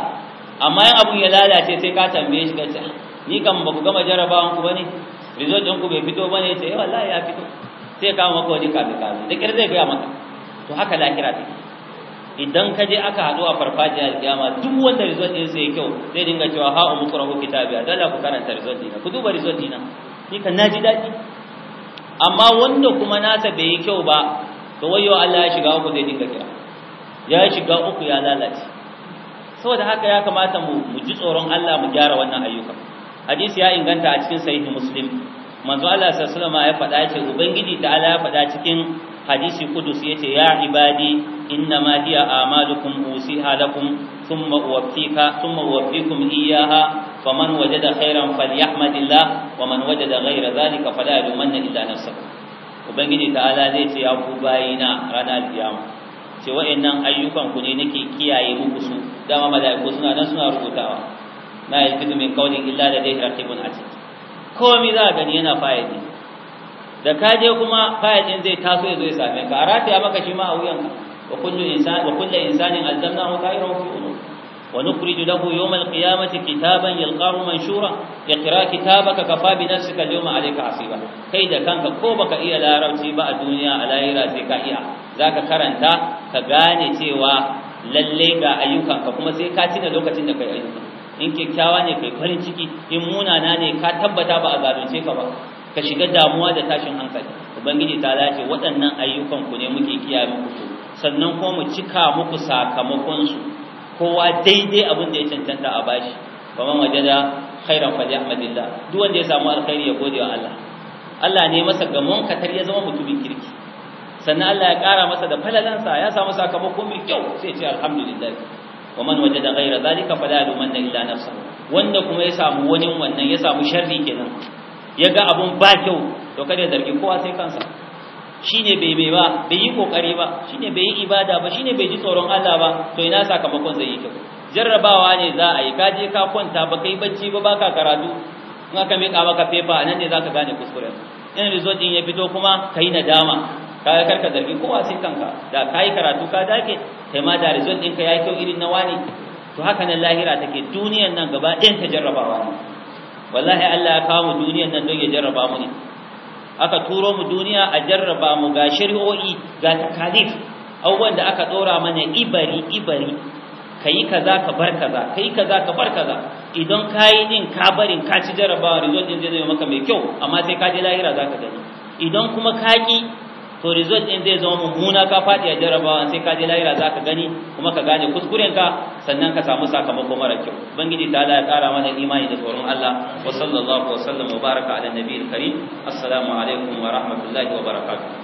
amma yin abun ya lalace sai ka tambaye shi kace ni kan ba ku gama jarabawan ku bane result ɗin ku bai fito bane ce eh wallahi ya fito sai ka maka wani kabe kabe da kir zai ga maka to haka lahira take idan ka je aka haɗu a farfajiyar alkiyama duk wanda result ɗin sai kyau zai dinga cewa ha umu qura'u kitabiya dalla ku karanta result ɗina ku duba result ɗina ni kan naji daɗi amma wanda kuma nasa bai yi kyau ba to wayo Allah ya shiga uku zai dinga kira ya shiga uku ya lalace saboda haka ya kamata mu ji tsoron Allah mu gyara wannan ayyukan hadisi ya inganta a cikin sahih muslim manzo Allah sallallahu alaihi wasallam ya faɗa ce ubangiji ta'ala ya faɗa cikin hadisi kudus yace ya ibadi innama hiya amalukum usiha lakum thumma uwaffika thumma uwaffikum iyyaha faman wajada khairan falyahmadillah waman wajada ghayra dhalika fala yumanna illa nafsahu ubangiji ta'ala zai ce ya ku bayina ranar kiyama ce wa'annan ayyukan ku ne nake kiyaye muku su dama mala'iku suna nan suna rubutawa ma yalfidu min qawlin illa da raqibun atid komai za ka gani yana ne. da ka je kuma ɗin zai taso ya zo ya same ka a rataya maka shi ma a wuyan wa kullu insani wa kullu insanin alzamnahu ta'irahu fi ونخرج له يوم القيامة كتابا يلقاه منشورا اقرأ كتابك كفى بنفسك اليوم عليك حسيبا كيدا كان كوبك إيا لا رمسي بقى الدنيا على إيراتك إيا ذاك ka كغاني تيوا lallai ga ayyukanka kuma sai ka tuna lokacin da kai ayyuka in kyakkyawa ne kai farin ciki in munana ne ka tabbata ba a zalunce ka ba ka shiga damuwa da tashin hankali ubangiji ta waɗannan ayyukan ku ne muke kiyaye muku sannan kuma mu cika muku sakamakonsu. kowa daidai abin da ya cancanta a bashi waje da khairan fali ahmadillah duk wanda ya samu alkhairi ya gode wa Allah Allah ne masa gamon katar ya zama mutumin kirki sannan Allah ya kara masa da falalan sa ya samu sakamako mai kyau sai ce alhamdulillah wa man wajada ghaira zalika fala yalumanna illa nafsa wanda kuma ya samu wani wannan ya samu sharri kenan ya ga abun ba kyau to kada ya zargi kowa sai kansa shine bai bai ba bai yi kokari ba shine bai yi ibada ba shine bai ji tsoron Allah ba to ina sakamakon zai yi kyau jarrabawa ne za a yi kaje ka kwanta ba kai bacci ba baka karatu in aka mika maka paper nan ne zaka gane kuskure. in result din ya fito kuma kai nadama ka karka zargi kowa sai kanka da kai karatu ka dake kai ma da result din ka yayi kyau irin na wani to haka nan lahira take duniyar nan gaba ɗayan ta jarrabawa ne wallahi Allah ya kawo duniyar nan don ya jarraba mu ne aka turo mu duniya a jarraba mu ga shari'o'i ga takalif abubuwan da aka dora mana ibari ibari kayi kaza ka bar kaza yi kaza ka bar kaza idan kayi din ka barin ka ci jarrabawa result din zai maka mai kyau amma sai ka je lahira zaka gani idan kuma ka ki To result din zai zama mummuna ka fadi a jarabawa sai ka je lahira zaka gani kuma ka gane kuskuren ka sannan ka samu sakamakon mara kyau ubangiji ta Allah ya kara mana imani da tsoron Allah wa sallallahu wa sallam wa baraka ala nabiyil karim assalamu alaikum wa rahmatullahi wa barakatuh